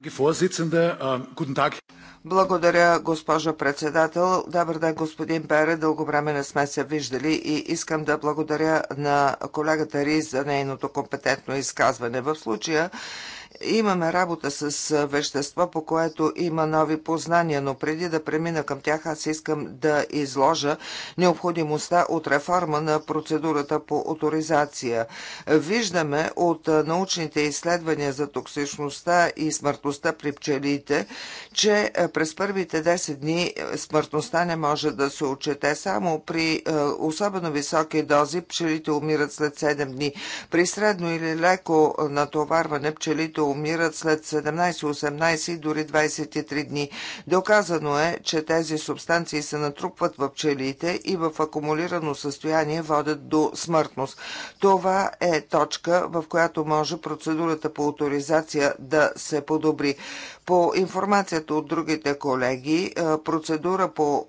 [SPEAKER 3] Ehm, благодаря, госпожо председател. Добър ден, господин Бере, Дълго време не сме се виждали и искам да благодаря на колегата Риз за нейното компетентно изказване. В случая Имаме работа с вещество, по което има нови познания, но преди да премина към тях, аз искам да изложа необходимостта от реформа на процедурата по авторизация. Виждаме от научните изследвания за токсичността и смъртността при пчелите, че през първите 10 дни смъртността не може да се отчете. Само при особено високи дози пчелите умират след 7 дни. При средно или леко натоварване пчелите умират след 17, 18 и дори 23 дни. Доказано е, че тези субстанции се натрупват в пчелите и в акумулирано състояние водят до смъртност. Това е точка, в която може процедурата по авторизация да се подобри. По информацията от другите колеги, процедура по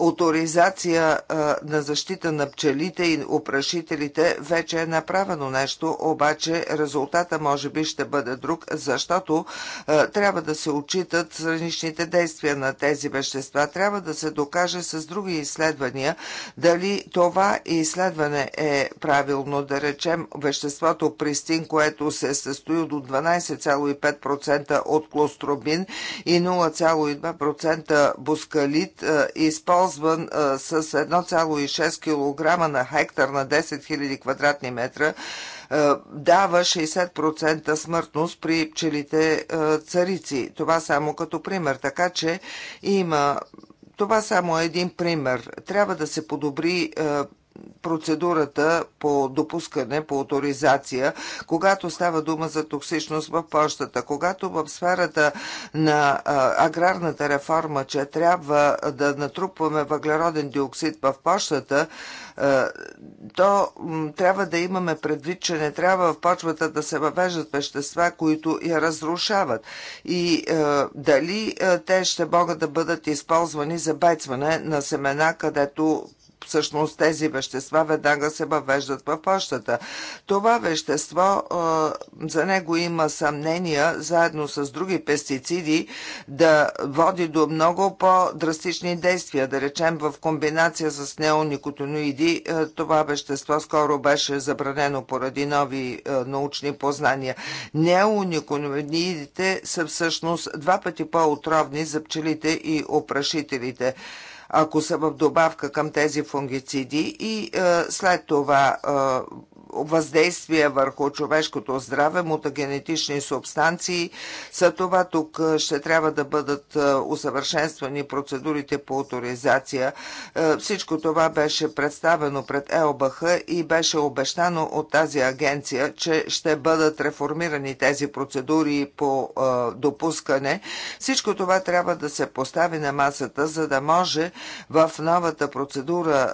[SPEAKER 3] авторизация на защита на пчелите и опрашителите вече е направено нещо, обаче резултата може би ще бъде друг, защото а, трябва да се отчитат страничните действия на тези вещества. Трябва да се докаже с други изследвания дали това изследване е правилно. Да речем веществото пристин, което се състои от 12,5% от клостробин и 0,2% бускалит, използва използван а, с 1,6 кг на хектар на 10 000 квадратни метра, дава 60% смъртност при пчелите царици. Това само като пример. Така че има това само е един пример. Трябва да се подобри процедурата по допускане, по авторизация, когато става дума за токсичност в почтата, когато в сферата на а, аграрната реформа, че трябва да натрупваме въглероден диоксид в почтата, то трябва да имаме предвид, че не трябва в почвата да се въвеждат вещества, които я разрушават. И е, дали те ще могат да бъдат използвани за байцване на семена, където всъщност тези вещества веднага се въвеждат в почтата. Това вещество, за него има съмнения, заедно с други пестициди, да води до много по-драстични действия. Да речем, в комбинация с неоникотиноиди, това вещество скоро беше забранено поради нови научни познания. Неоникотиноидите са всъщност два пъти по-отровни за пчелите и опрашителите ако са в добавка към тези фунгициди и е, след това е, въздействие върху човешкото здраве, мутагенетични субстанции. За това тук ще трябва да бъдат усъвършенствани процедурите по авторизация. Всичко това беше представено пред ЕОБХ и беше обещано от тази агенция, че ще бъдат реформирани тези процедури по допускане. Всичко това трябва да се постави на масата, за да може в новата процедура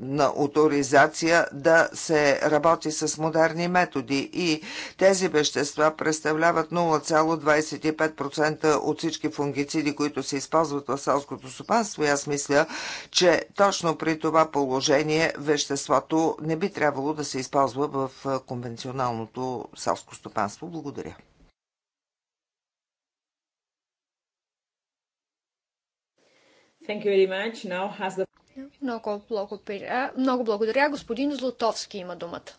[SPEAKER 3] на авторизация да се работи с модерни методи и тези вещества представляват 0,25% от всички фунгициди, които се използват в селското стопанство. аз мисля, че точно при това положение веществото не би трябвало да се използва в конвенционалното селско стопанство. Благодаря.
[SPEAKER 1] Thank you very much. Now has the много
[SPEAKER 2] благодаря. Много благодаря. Господин Злотовски има думата.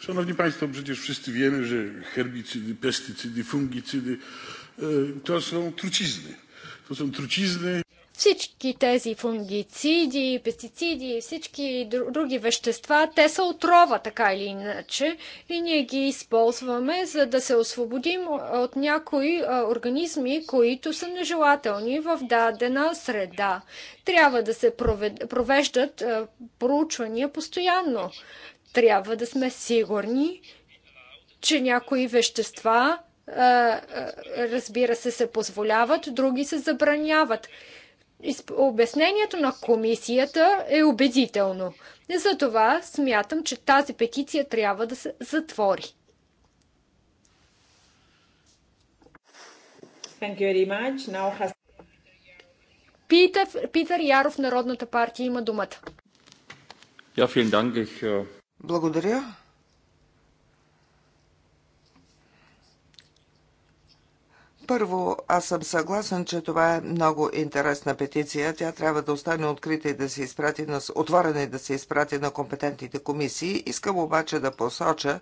[SPEAKER 3] Szanowni Państwo, przecież wszyscy wiemy, że herbicydy, pestycydy, fungicydy to są trucizny. To są trucizny.
[SPEAKER 2] Всички тези фунгициди, пестициди и всички други вещества, те са отрова, така или иначе, и ние ги използваме, за да се освободим от някои организми, които са нежелателни в дадена среда. Трябва да се провеждат проучвания постоянно. Трябва да сме сигурни, че някои вещества разбира се, се позволяват, други се забраняват. Обяснението на комисията е убедително. Затова смятам, че тази петиция трябва да се затвори.
[SPEAKER 1] Has...
[SPEAKER 2] Питър, Питър Яров, Народната партия, има думата.
[SPEAKER 3] Yeah, äh, Благодаря. Първо, аз съм съгласен, че това е много интересна петиция. Тя трябва да остане открита и да се изпрати на, отворена и да се изпрати на компетентните комисии. Искам обаче да посоча,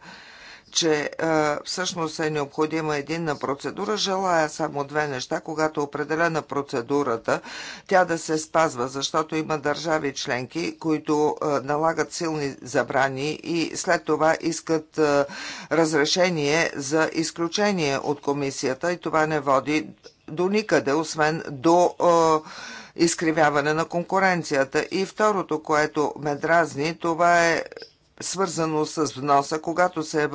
[SPEAKER 3] че а, всъщност е необходима единна процедура. Желая само две неща. Когато определена процедурата, тя да се спазва, защото има държави членки, които а, налагат силни забрани и след това искат а, разрешение за изключение от комисията и това не води до никъде, освен до а, изкривяване на конкуренцията. И второто, което ме дразни, това е свързано с вноса, когато се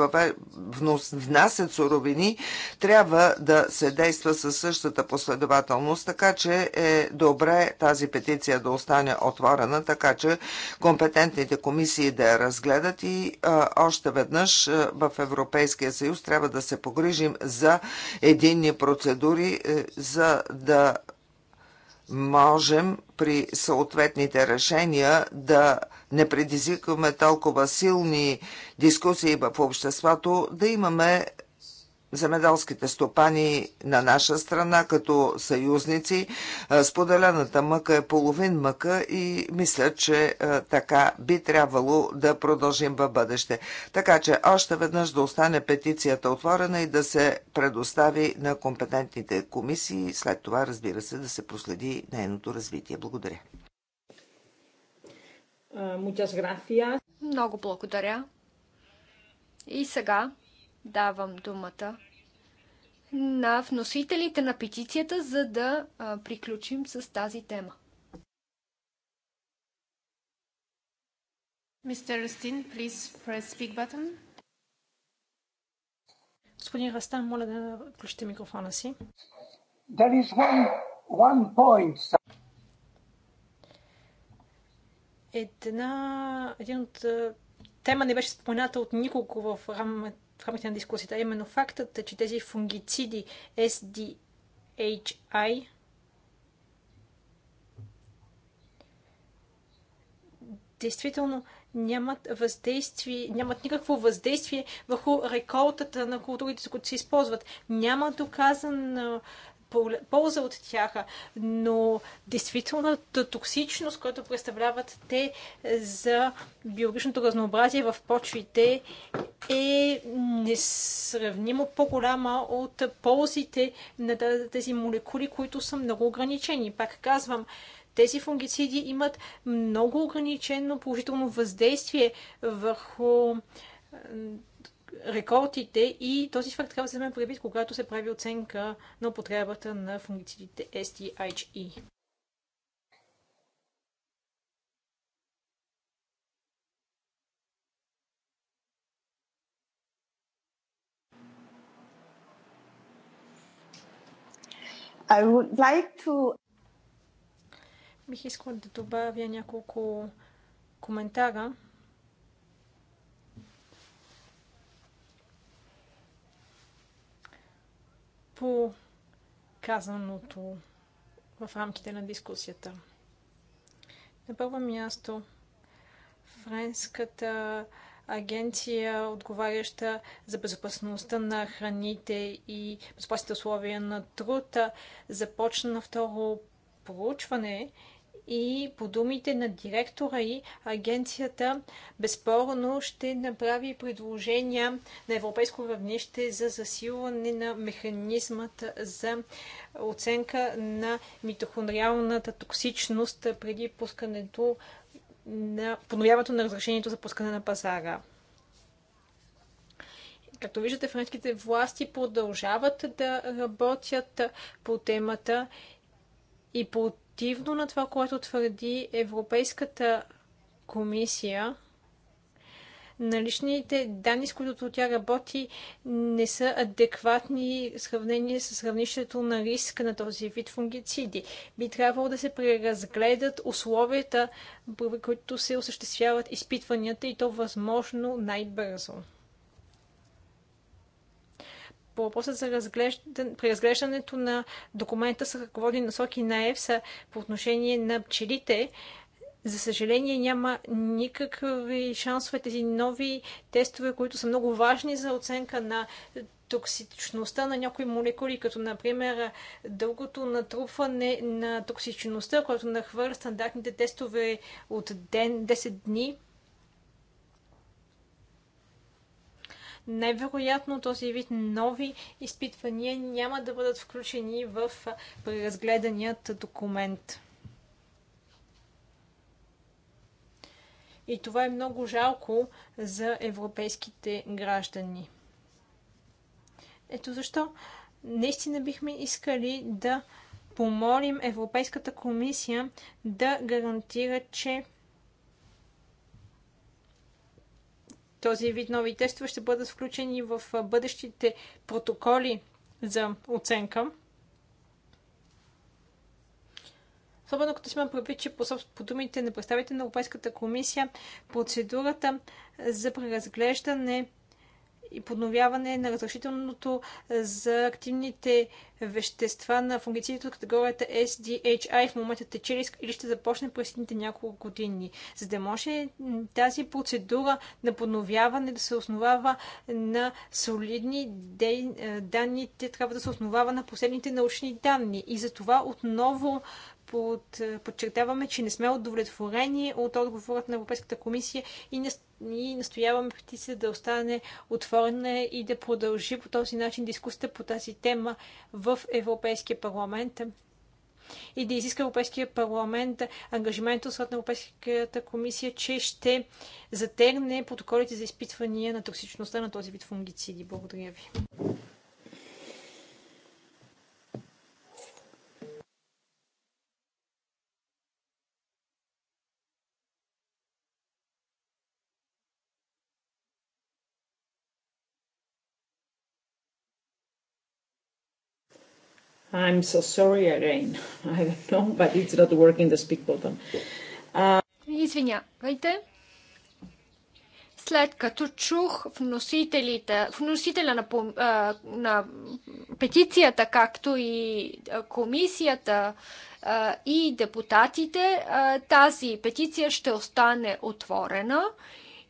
[SPEAKER 3] внасят суровини, трябва да се действа със същата последователност, така че е добре тази петиция да остане отворена, така че компетентните комисии да я разгледат и а, още веднъж в Европейския съюз трябва да се погрижим за единни процедури, е, за да можем при съответните решения да не предизвикваме толкова силни дискусии в обществото, да имаме земеделските стопани на наша страна като съюзници. Споделената мъка е половин мъка и мисля, че така би трябвало да продължим във бъдеще. Така че още веднъж да остане петицията отворена и да се предостави на компетентните комисии. След това, разбира се, да се проследи нейното развитие. Благодаря.
[SPEAKER 2] Много благодаря. И сега давам думата на вносителите на петицията, за да приключим с тази тема.
[SPEAKER 4] Мистер Растин, please press speak button. Господин Растан, моля да включите микрофона си.
[SPEAKER 3] There is one, one point, sir.
[SPEAKER 4] Една, един от тема не беше спомената от никого в, рам, в рамките на дискусията, именно фактът, че тези фунгициди SDHI действително нямат въздействие, нямат никакво въздействие върху реколтата на културите, които се използват. Няма доказан полза от тях, но действителната токсичност, която представляват те е, за биологичното разнообразие в почвите е несравнимо по-голяма от ползите на тези молекули, които са много ограничени. Пак казвам, тези фунгициди имат много ограничено положително въздействие върху рекордите и този факт трябва да се вземе предвид, когато се прави оценка на употребата на фунгицидите STHE.
[SPEAKER 2] I would like to...
[SPEAKER 4] Бих искала да добавя няколко коментара по казаното в рамките на дискусията. На първо място, френската агенция, отговаряща за безопасността на храните и безопасните условия на труда, започна второ проучване и по думите на директора и агенцията безспорно ще направи предложения на европейско равнище за засилване на механизмата за оценка на митохондриалната токсичност преди пускането на подновяването на разрешението за пускане на пазара. Както виждате, френските власти продължават да работят по темата и по противно на това, което твърди Европейската комисия, наличните данни, с които тя работи, не са адекватни в сравнение с равнището на риск на този вид фунгициди. Би трябвало да се преразгледат условията, при които се осъществяват изпитванията и то възможно най-бързо по въпроса за преразглеждането на документа с ръководни насоки на ЕФСА по отношение на пчелите, за съжаление няма никакви шансове тези нови тестове, които са много важни за оценка на токсичността на някои молекули, като например дългото натрупване на токсичността, което нахвърля стандартните тестове от ден 10 дни най-вероятно този вид нови изпитвания няма да бъдат включени в преразгледаният документ. И това е много жалко за европейските граждани. Ето защо наистина бихме искали да помолим Европейската комисия да гарантира, че Този вид нови тестове ще бъдат включени в бъдещите протоколи за оценка. Особено като сме предвид, че по, по думите на представите на Европейската комисия, процедурата за преразглеждане и подновяване на разрешителното за активните вещества на фунгицидите от категорията SDHI в момента тече или ще започне през следните няколко години, за да може тази процедура на подновяване да се основава на солидни данни, те трябва да се основава на последните научни данни. И за това отново под, подчертаваме, че не сме удовлетворени от отговорът на Европейската комисия и, не, и настояваме петиция да остане отворена и да продължи по този начин дискусията по тази тема в Европейския парламент и да изиска Европейския парламент ангажимент от на Европейската комисия, че ще затегне протоколите за изпитвания на токсичността на този вид фунгициди. Благодаря ви.
[SPEAKER 1] I'm so sorry Irene. I don't know, but it's not working the speak button. Uh,
[SPEAKER 2] Извинявайте. След като чух вносителите, вносителя на, на, на петицията, както и комисията и депутатите, тази петиция ще остане отворена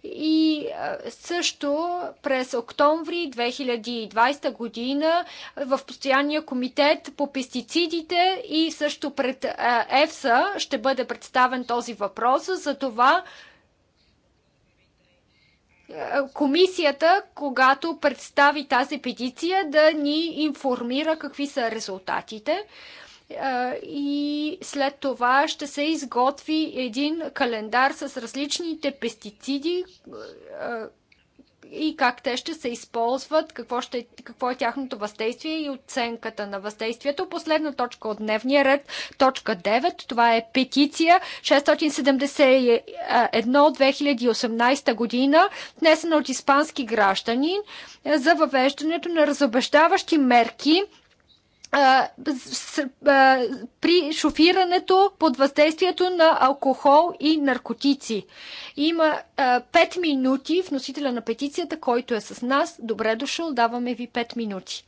[SPEAKER 2] и също през октомври 2020 година в постоянния комитет по пестицидите и също пред ЕФСА ще бъде представен този въпрос. За това комисията, когато представи тази петиция, да ни информира какви са резултатите и след това ще се изготви един календар с различните пестициди и как те ще се използват, какво, ще, какво е тяхното въздействие и оценката на въздействието. Последна точка от дневния ред, точка 9, това е петиция 671 от 2018 година, внесена от испански граждани за въвеждането на разобещаващи мерки при шофирането под въздействието на алкохол и наркотици. Има 5 минути вносителя на петицията, който е с нас. Добре дошъл, даваме ви 5 минути.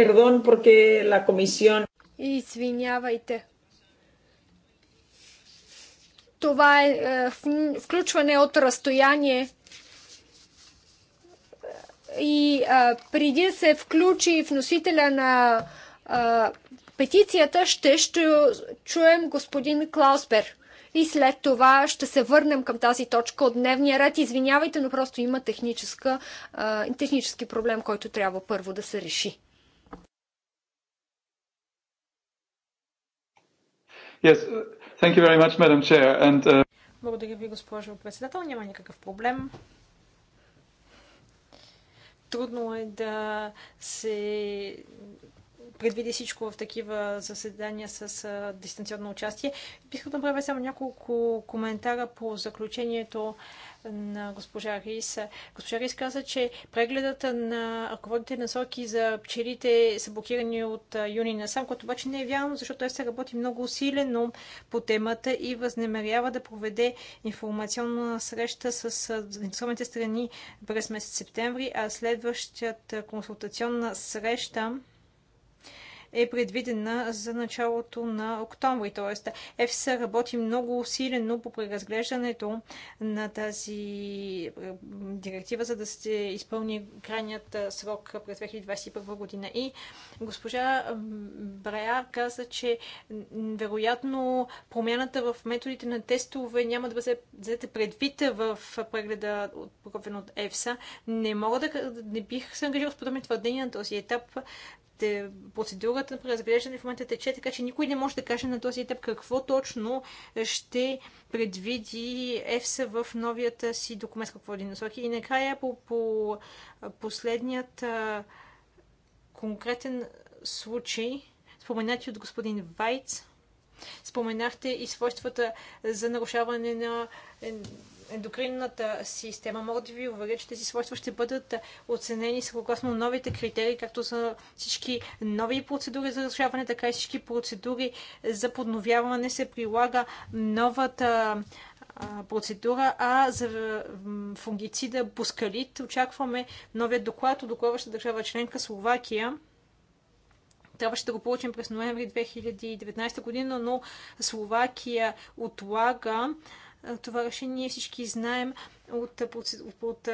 [SPEAKER 1] Perdón porque la comisión...
[SPEAKER 2] Извинявайте. Това е, е включване от разстояние и а, е, преди да се включи вносителя на а, е, петицията, ще, ще чуем господин Клаусбер. И след това ще се върнем към тази точка от дневния ред. Извинявайте, но просто има техническа, е, технически проблем, който трябва първо да се реши.
[SPEAKER 1] Yes, thank you very much, Madam Chair. And, uh...
[SPEAKER 4] Благодаря ви, госпожо председател. Няма никакъв проблем. Трудно е да се предвиди всичко в такива заседания с дистанционно участие. Бих да направя само няколко коментара по заключението на госпожа Рис. Госпожа Рис каза, че прегледата на ръководните насоки за пчелите са блокирани от юни насам, което обаче не е вярно, защото той се работи много усилено по темата и възнемерява да проведе информационна среща с заинтересованите страни през месец септември, а следващата консултационна среща е предвидена за началото на октомври. Тоест, ЕФСА работи много усилено по преразглеждането на тази е, директива, за да се изпълни крайният е, срок през 2021 година. И госпожа Браяр каза, че вероятно промяната в методите на тестове няма да бъде взете предвид в прегледа, подготвен от ЕФСА. Не мога да не бих се ангажирал с подобни твърдения на този етап, те, процедурата на преразглеждане в момента тече, така че никой не може да каже на този етап какво точно ще предвиди ЕФСА в новията си документ, какво е насоки. И накрая по, по последният а, конкретен случай, споменати от господин Вайц, споменахте и свойствата за нарушаване на е, ендокринната система. Мога да ви уверя, че тези свойства ще бъдат оценени съгласно новите критерии, както за всички нови процедури за разрешаване, така и всички процедури за подновяване се прилага новата процедура, а за фунгицида Бускалит очакваме новия доклад от докладваща държава членка Словакия. Трябваше да го получим през ноември 2019 година, но Словакия отлага това решение. Всички знаем от, от, от, от,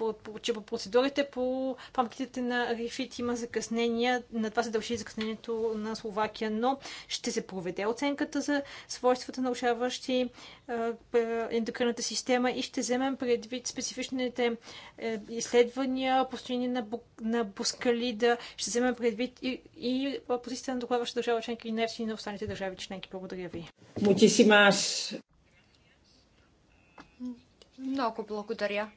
[SPEAKER 4] от, от процедурите по рамките на Рифит има закъснения. На това се дължи закъснението на Словакия, но ще се проведе оценката за свойствата, нарушаващи е, ендокринната система и ще вземем предвид специфичните е, изследвания, построени на, на Бускалида. ще вземем предвид и, и позицията на докладваща държава членка и на и на останалите държави членки. Благодаря ви.
[SPEAKER 1] Muchísimas
[SPEAKER 2] много благодаря.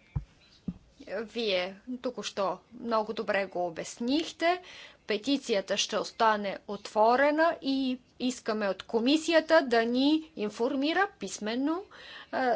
[SPEAKER 2] Вие току-що много добре го обяснихте. Петицията ще остане отворена и искаме от комисията да ни информира писменно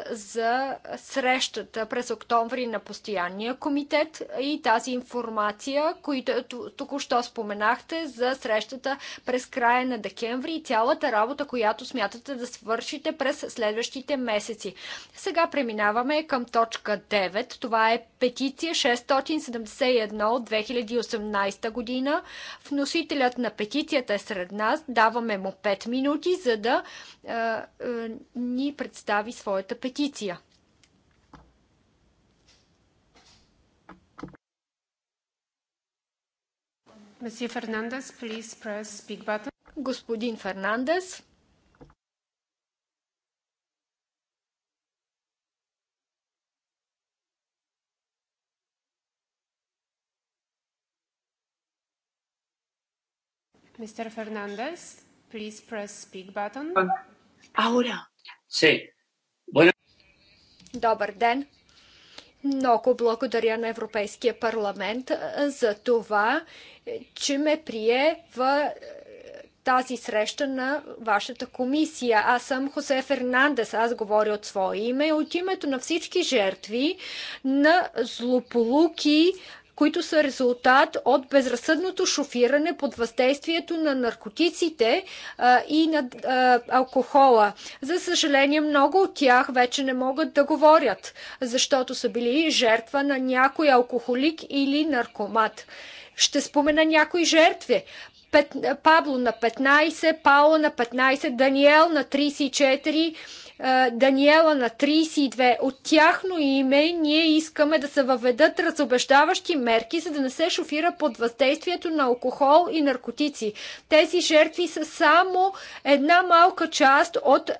[SPEAKER 2] за срещата през октомври на постоянния комитет и тази информация, която току-що споменахте за срещата през края на декември и цялата работа, която смятате да свършите през следващите месеци. Сега преминаваме към точка 9. Това е петиция 671 от 2018 година. Вносителят на петицията е сред нас. Даваме му 5 минути, за да е, е, ни представи своята своята петиция. Господин Фернандес,
[SPEAKER 1] Mr. Fernandez, please press speak button. Ahora. Sí.
[SPEAKER 2] Добър ден! Много благодаря на Европейския парламент за това, че ме прие в тази среща на вашата комисия. Аз съм Хосе Фернандес, аз говоря от свое име, и от името на всички жертви на злополуки които са резултат от безразсъдното шофиране под въздействието на наркотиците а, и на а, алкохола. За съжаление, много от тях вече не могат да говорят, защото са били жертва на някой алкохолик или наркомат. Ще спомена някои жертви. Пет, Пабло на 15, Пауло на 15, Даниел на 34, Даниела на 32. От тяхно име ние искаме да се въведат разобеждаващи мерки, за да не се шофира под въздействието на алкохол и наркотици. Тези жертви са само една малка част от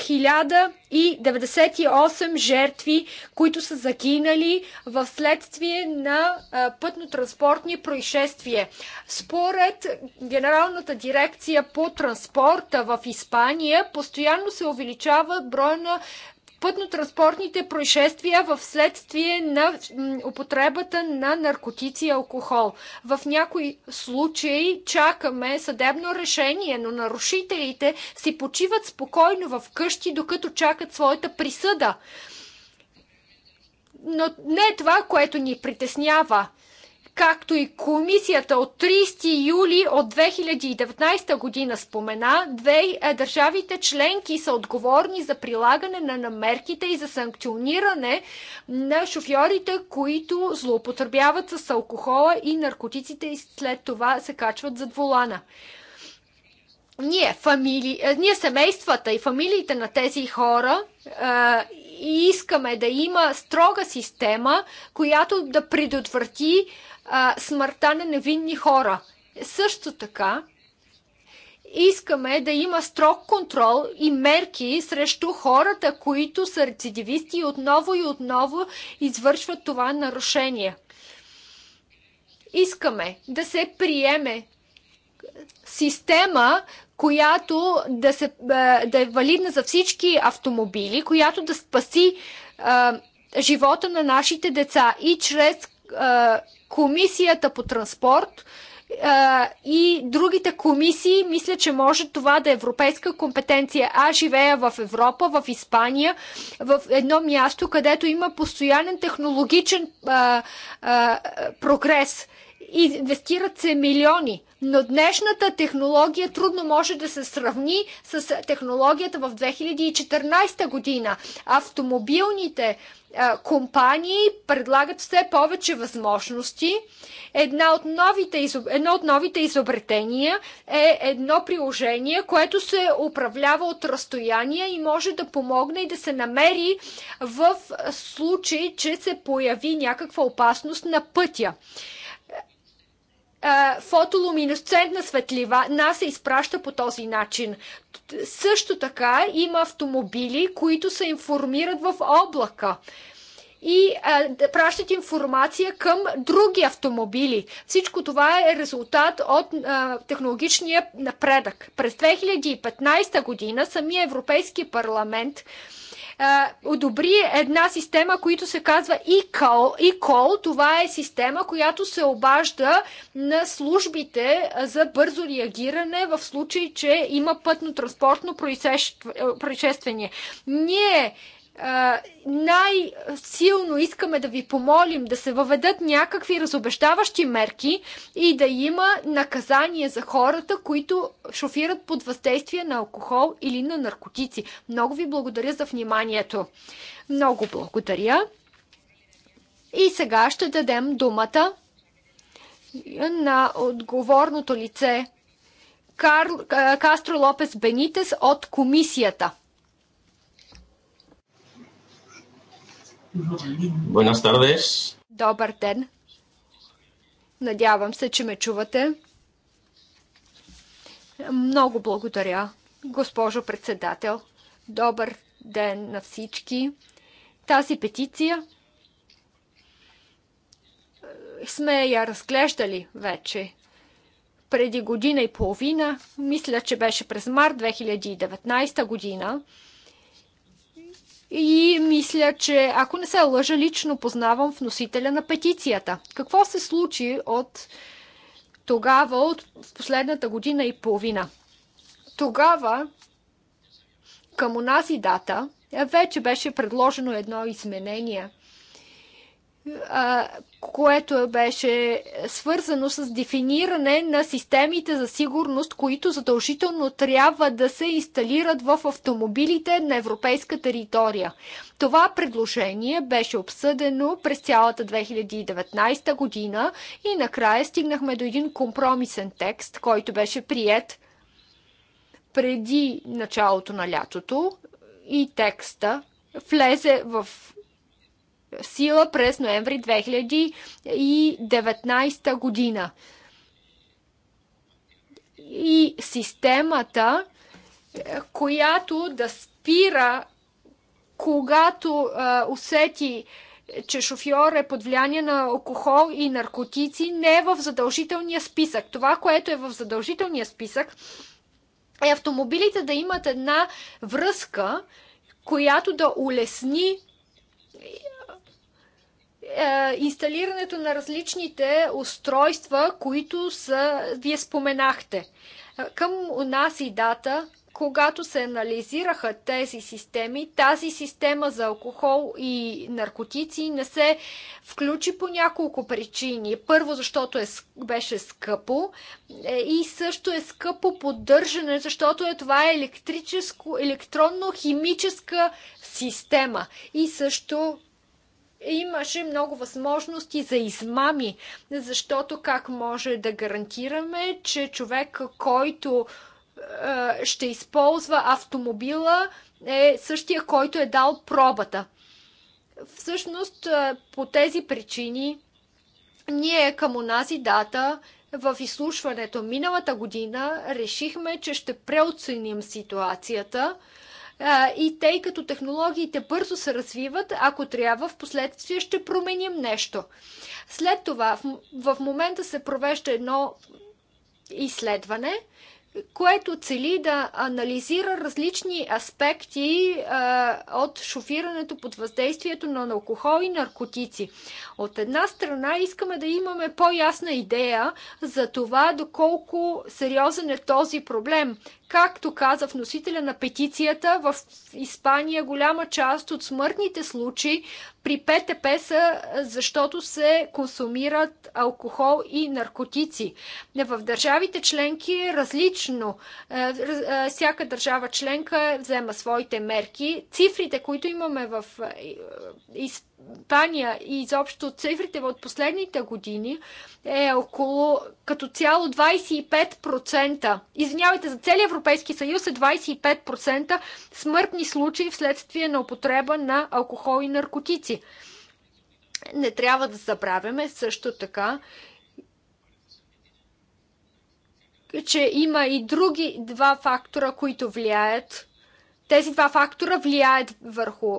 [SPEAKER 2] хиляда и 98 жертви, които са загинали в следствие на пътно-транспортни происшествия. Според Генералната дирекция по транспорта в Испания, постоянно се увеличава броя на пътно-транспортните происшествия в следствие на употребата на наркотици и алкохол. В някои случаи чакаме съдебно решение, но нарушителите си почиват спокойно в къщи, докато чакат своята присъда. Но не е това, което ни притеснява както и комисията от 30 юли от 2019 година спомена, две е, държавите членки са отговорни за прилагане на намерките и за санкциониране на шофьорите, които злоупотребяват с алкохола и наркотиците и след това се качват зад волана ние, фамили... Е, ние семействата и фамилиите на тези хора е, искаме да има строга система, която да предотврати а, смъртта на невинни хора. Също така, искаме да има строг контрол и мерки срещу хората, които са рецидивисти и отново и отново извършват това нарушение. Искаме да се приеме система, която да, се, да е валидна за всички автомобили, която да спаси а, живота на нашите деца и чрез а, Комисията по транспорт и другите комисии, мисля, че може това да е европейска компетенция. Аз живея в Европа, в Испания, в едно място, където има постоянен технологичен а, а, прогрес инвестират се милиони, но днешната технология трудно може да се сравни с технологията в 2014 година. Автомобилните а, компании предлагат все повече възможности. Една от новите, едно от новите изобретения е едно приложение, което се управлява от разстояние и може да помогне и да се намери в случай, че се появи някаква опасност на пътя фотолуминесцентна светлива нас се изпраща по този начин. Също така има автомобили, които се информират в облака и а, пращат информация към други автомобили. Всичко това е резултат от а, технологичния напредък. През 2015 година самия Европейски парламент а, одобри една система, която се казва ИКОЛ. това е система, която се обажда на службите за бързо реагиране в случай, че има пътно-транспортно происшествие. Ние най-силно искаме да ви помолим да се въведат някакви разобещаващи мерки и да има наказание за хората, които шофират под въздействие на алкохол или на наркотици. Много ви благодаря за вниманието. Много благодаря. И сега ще дадем думата на отговорното лице Карл, Кастро Лопес Бенитес от комисията.
[SPEAKER 1] Buenas tardes.
[SPEAKER 2] Добър ден. Надявам се, че ме чувате. Много благодаря, госпожо председател. Добър ден на всички. Тази петиция е, сме я разглеждали вече преди година и половина, мисля, че беше през март 2019 година. И мисля, че ако не се лъжа, лично познавам вносителя на петицията. Какво се случи от тогава, от последната година и половина? Тогава, към унази дата, вече беше предложено едно изменение – което беше свързано с дефиниране на системите за сигурност, които задължително трябва да се инсталират в автомобилите на европейска територия. Това предложение беше обсъдено през цялата 2019 година и накрая стигнахме до един компромисен текст, който беше прият преди началото на лятото и текста влезе в сила през ноември 2019 година. И системата, е, която да спира, когато а, е, усети че шофьор е под влияние на алкохол и наркотици, не е в задължителния списък. Това, което е в задължителния списък, е автомобилите да имат една връзка, която да улесни е, инсталирането на различните устройства, които са, вие споменахте. Е, към нас и дата, когато се анализираха тези системи, тази система за алкохол и наркотици не се включи по няколко причини. Първо, защото е, беше скъпо е, и също е скъпо поддържане, защото е това електрическо, електронно-химическа система. И също имаше много възможности за измами, защото как може да гарантираме, че човек, който е, ще използва автомобила, е същия, който е дал пробата. Всъщност, по тези причини, ние към онази дата в изслушването миналата година решихме, че ще преоценим ситуацията – и тъй като технологиите бързо се развиват, ако трябва, в последствие ще променим нещо. След това, в момента се провежда едно изследване, което цели да анализира различни аспекти а, от шофирането под въздействието на алкохол и наркотици. От една страна искаме да имаме по-ясна идея за това доколко сериозен е този проблем, Както каза вносителя на петицията, в Испания голяма част от смъртните случаи при ПТП са защото се консумират алкохол и наркотици. В държавите членки е различно. Всяка държава членка взема своите мерки. Цифрите, които имаме в Испания, Дания и изобщо цифрите от последните години е около като цяло 25%. Извинявайте, за целия Европейски съюз е 25% смъртни случаи вследствие на употреба на алкохол и наркотици. Не трябва да забравяме също така, че има и други два фактора, които влияят. Тези два фактора влияят върху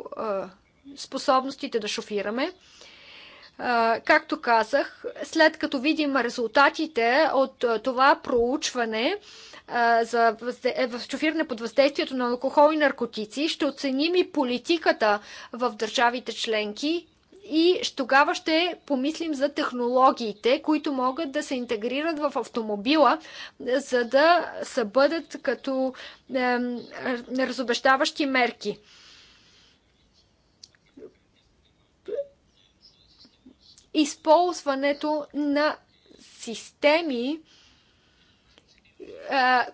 [SPEAKER 2] способностите да шофираме. Както казах, след като видим резултатите от това проучване за е, шофиране под въздействието на алкохол и наркотици, ще оценим и политиката в държавите членки и тогава ще помислим за технологиите, които могат да се интегрират в автомобила, за да са бъдат като е, разобещаващи мерки. използването на системи,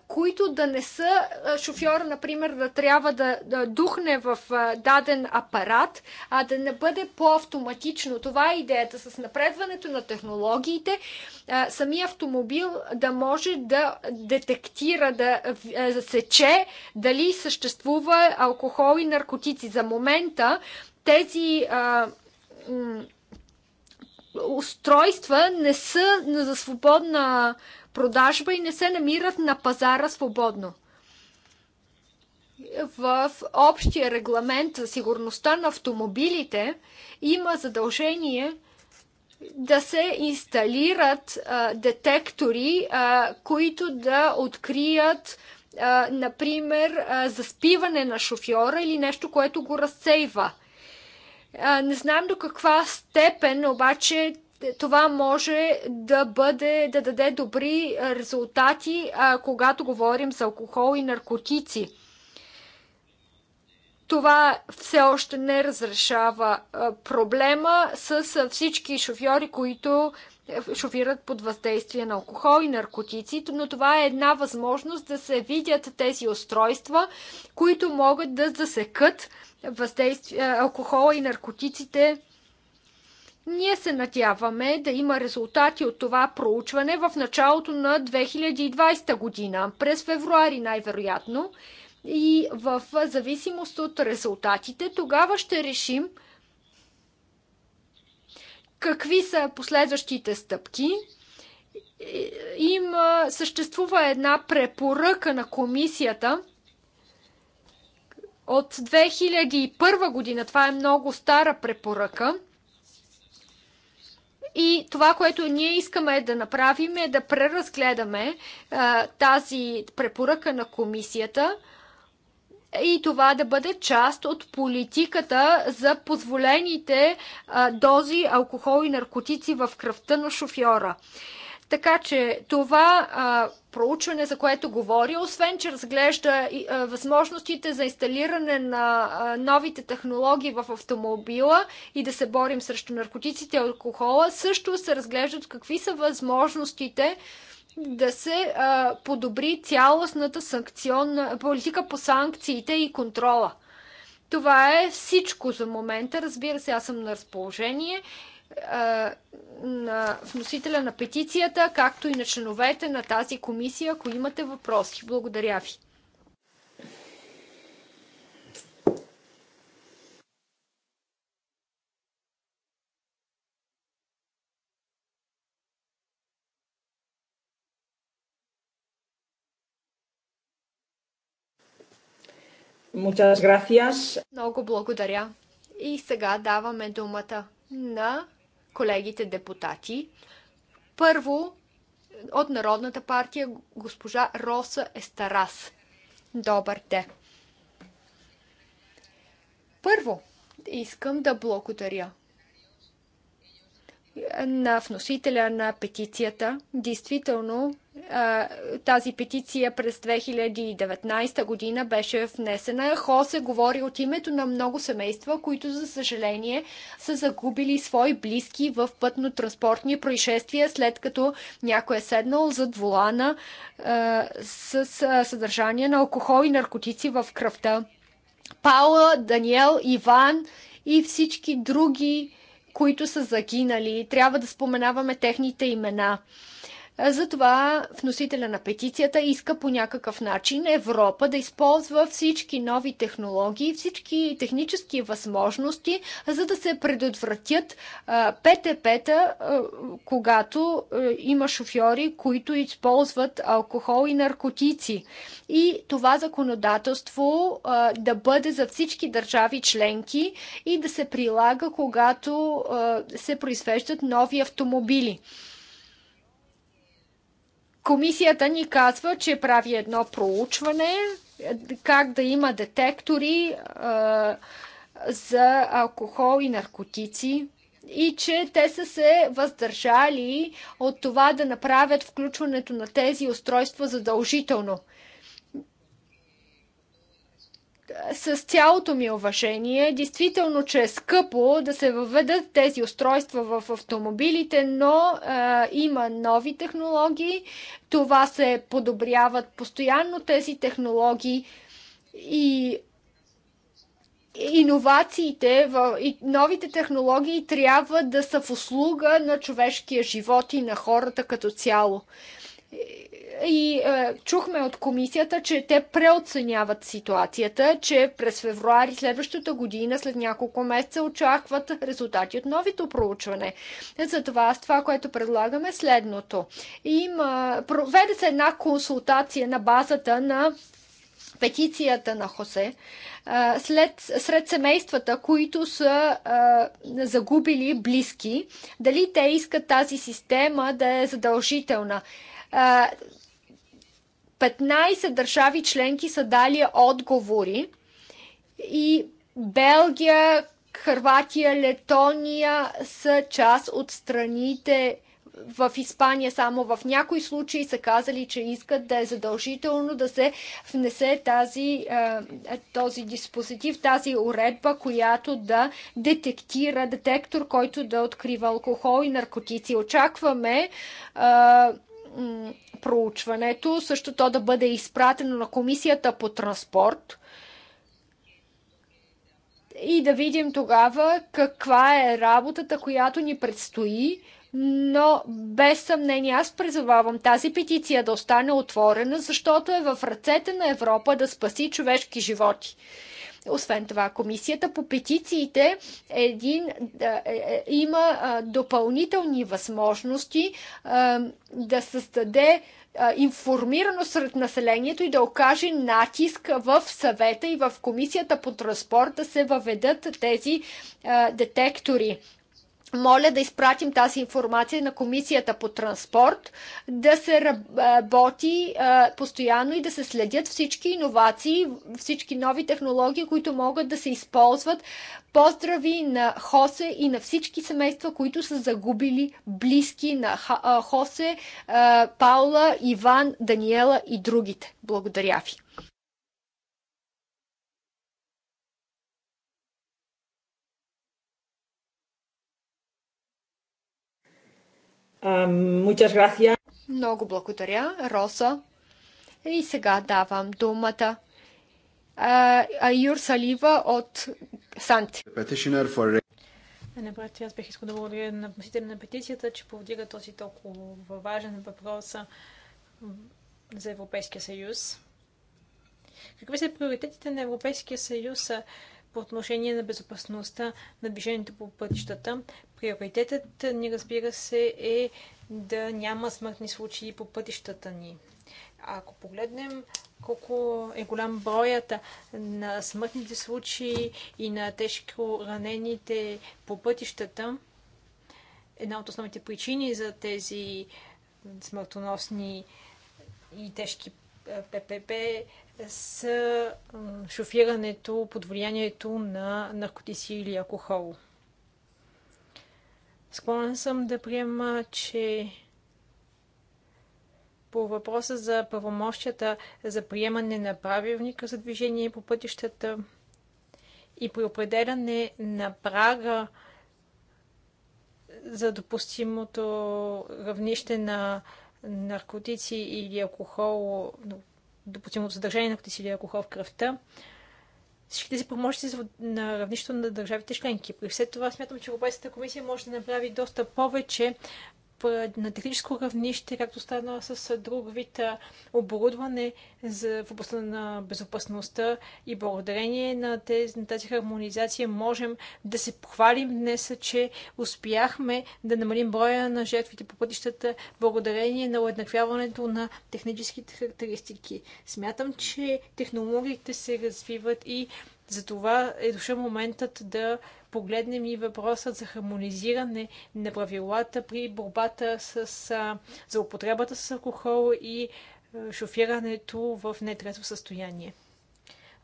[SPEAKER 2] които да не са шофьор, например, да трябва да, да духне в даден апарат, а да не бъде по-автоматично. Това е идеята с напредването на технологиите. Самия автомобил да може да детектира, да засече дали съществува алкохол и наркотици. За момента тези а, устройства не са за свободна продажба и не се намират на пазара свободно. В общия регламент за сигурността на автомобилите има задължение да се инсталират а, детектори, а, които да открият, а, например, а, заспиване на шофьора или нещо, което го разсейва – не знам до каква степен обаче това може да бъде, да даде добри резултати, когато говорим за алкохол и наркотици. Това все още не разрешава проблема с всички шофьори, които шофират под въздействие на алкохол и наркотици, но това е една възможност да се видят тези устройства, които могат да засекат въздействие, алкохола и наркотиците. Ние се надяваме да има резултати от това проучване в началото на 2020 година, през февруари най-вероятно. И в зависимост от резултатите, тогава ще решим какви са последващите стъпки. Им съществува една препоръка на комисията – от 2001 година. Това е много стара препоръка. И това, което ние искаме да направим е да преразгледаме а, тази препоръка на комисията и това да бъде част от политиката за позволените а, дози алкохол и наркотици в кръвта на шофьора. Така че това а, проучване, за което говоря, освен че разглежда и, а, възможностите за инсталиране на а, новите технологии в автомобила и да се борим срещу наркотиците и алкохола, също се разглеждат какви са възможностите да се а, подобри цялостната санкционна политика по санкциите и контрола. Това е всичко за момента. Разбира се, аз съм на разположение на вносителя на петицията, както и на членовете на тази комисия, ако имате въпроси. Благодаря ви. Много благодаря. И сега даваме думата на колегите депутати. Първо, от Народната партия госпожа Роса Естарас. Добър те! Първо, искам да благодаря на вносителя на петицията. Действително, тази петиция през 2019 година беше внесена. се говори от името на много семейства, които за съжаление са загубили свои близки в пътно-транспортни происшествия, след като някой е седнал зад волана с съдържание на алкохол и наркотици в кръвта. Паула, Даниел, Иван и всички други, които са загинали. Трябва да споменаваме техните имена. Затова вносителя на петицията иска по някакъв начин Европа да използва всички нови технологии, всички технически възможности, за да се предотвратят ПТП-та, когато има шофьори, които използват алкохол и наркотици. И това законодателство да бъде за всички държави членки и да се прилага, когато се произвеждат нови автомобили. Комисията ни казва, че прави едно проучване е, как да има детектори а, е, за алкохол и наркотици и че те са се въздържали от това да направят включването на тези устройства задължително с цялото ми уважение, действително, че е скъпо да се въведат тези устройства в автомобилите, но е, има нови технологии, това се подобряват постоянно тези технологии и иновациите и новите технологии трябва да са в услуга на човешкия живот и на хората като цяло. И е, чухме от комисията, че те преоценяват ситуацията, че през февруари следващата година, след няколко месеца, очакват резултати от новито проучване. Затова аз това, което предлагаме е следното. Има, проведе се една консултация на базата на петицията на Хосе е, след, сред семействата, които са е, загубили близки, дали те искат тази система да е задължителна. 15 държави членки са дали отговори и Белгия, Хърватия, Летония са част от страните в Испания само в някои случаи са казали, че искат да е задължително да се внесе тази, този диспозитив, тази уредба, която да детектира детектор, който да открива алкохол и наркотици. Очакваме проучването, също то да бъде изпратено на комисията по транспорт и да видим тогава каква е работата, която ни предстои, но без съмнение аз призовавам тази петиция да остане отворена, защото е в ръцете на Европа да спаси човешки животи. Освен това, комисията по петициите е един, е, е, е има допълнителни възможности а, да създаде информирано сред населението и да окаже натиск в съвета и в комисията по транспорт да се въведат тези детектори моля да изпратим тази информация на Комисията по транспорт, да се работи постоянно и да се следят всички иновации, всички нови технологии, които могат да се използват. Поздрави на Хосе и на всички семейства, които са загубили близки на Хосе, Паула, Иван, Даниела и другите. Благодаря ви. Много благодаря, Роса. И сега давам думата.
[SPEAKER 4] А, Юр Салива от Санти. Напред, аз бих искал да благодаря на вносителя на петицията, че повдига този толкова важен въпрос за Европейския съюз. Какви са приоритетите на Европейския съюз по отношение на безопасността на движението по пътищата. Приоритетът ни, разбира се, е да няма смъртни случаи по пътищата ни. Ако погледнем колко е голям броят на смъртните случаи и на тежко ранените по пътищата, една от основните причини за тези смъртоносни и тежки ППП с шофирането под влиянието на наркотици или алкохол. Склонен съм да приема, че по въпроса за правомощията за приемане на правилника за движение по пътищата и при определяне на прага за допустимото равнище на наркотици или алкохол допустимото съдържание на кутисили алкохол в кръвта. Всички тези помощи са на равнището на държавите членки. При все това смятам, че Европейската комисия може да направи доста повече на техническо равнище, както стана с друг вид оборудване за, в областта на безопасността и благодарение на, тези, на тази хармонизация можем да се похвалим днес, че успяхме да намалим броя на жертвите по пътищата благодарение на уеднаквяването на техническите характеристики. Смятам, че технологиите се развиват и за това е дошъл моментът да погледнем и въпросът за хармонизиране на правилата при борбата с злоупотребата с алкохол и шофирането в нетрето състояние.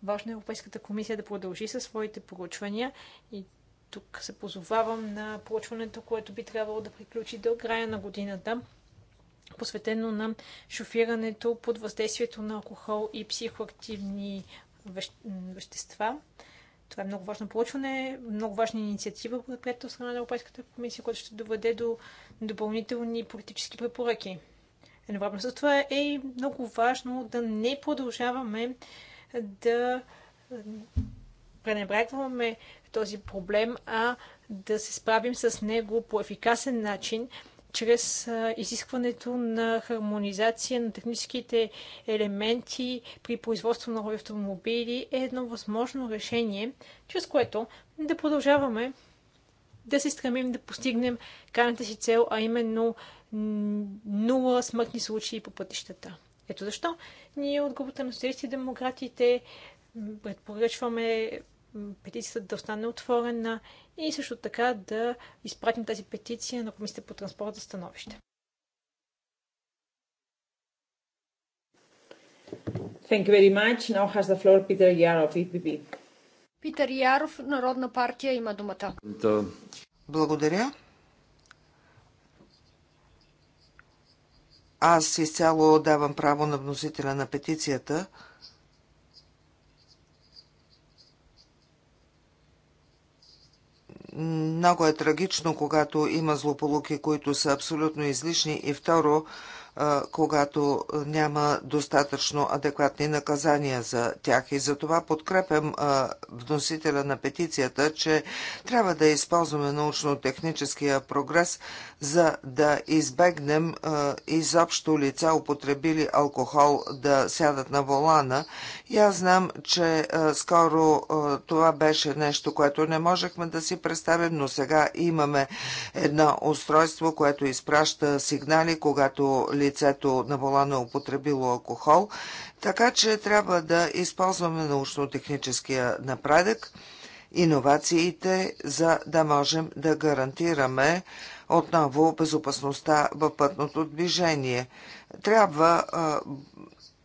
[SPEAKER 4] Важно е Европейската комисия да продължи със своите поручвания и тук се позовавам на проучването, което би трябвало да приключи до края на годината, посветено на шофирането под въздействието на алкохол и психоактивни веще... вещества. Това е много важно получване, много важна инициатива, която от страна на Европейската комисия, която ще доведе до допълнителни политически препоръки. Едновременно с това е много важно да не продължаваме да пренебрегваме този проблем, а да се справим с него по ефикасен начин, чрез изискването на хармонизация на техническите елементи при производство на нови автомобили е едно възможно решение, чрез което да продължаваме да се стремим да постигнем крайната си цел, а именно нула смъртни случаи по пътищата. Ето защо ние от групата на социалисти и демократите предпоръчваме петицията да остане отворена и също така да изпратим тази петиция на Комисията по транспорт за становище.
[SPEAKER 1] Thank you very much. Now has the floor Peter Yarov, EPP.
[SPEAKER 2] Питър Яров, Народна партия, има думата.
[SPEAKER 1] Да.
[SPEAKER 3] Благодаря. Аз изцяло давам право на вносителя на петицията – много е трагично, когато има злополуки, които са абсолютно излишни и второ, когато няма достатъчно адекватни наказания за тях. И за това подкрепям вносителя на петицията, че трябва да използваме научно-техническия прогрес, за да избегнем изобщо лица, употребили алкохол, да сядат на волана. И аз знам, че скоро това беше нещо, което не можехме да си представим, но сега имаме едно устройство, което изпраща сигнали, когато лицето на волана е употребило алкохол, така че трябва да използваме научно-техническия напредък, иновациите, за да можем да гарантираме отново безопасността в пътното движение. Трябва а,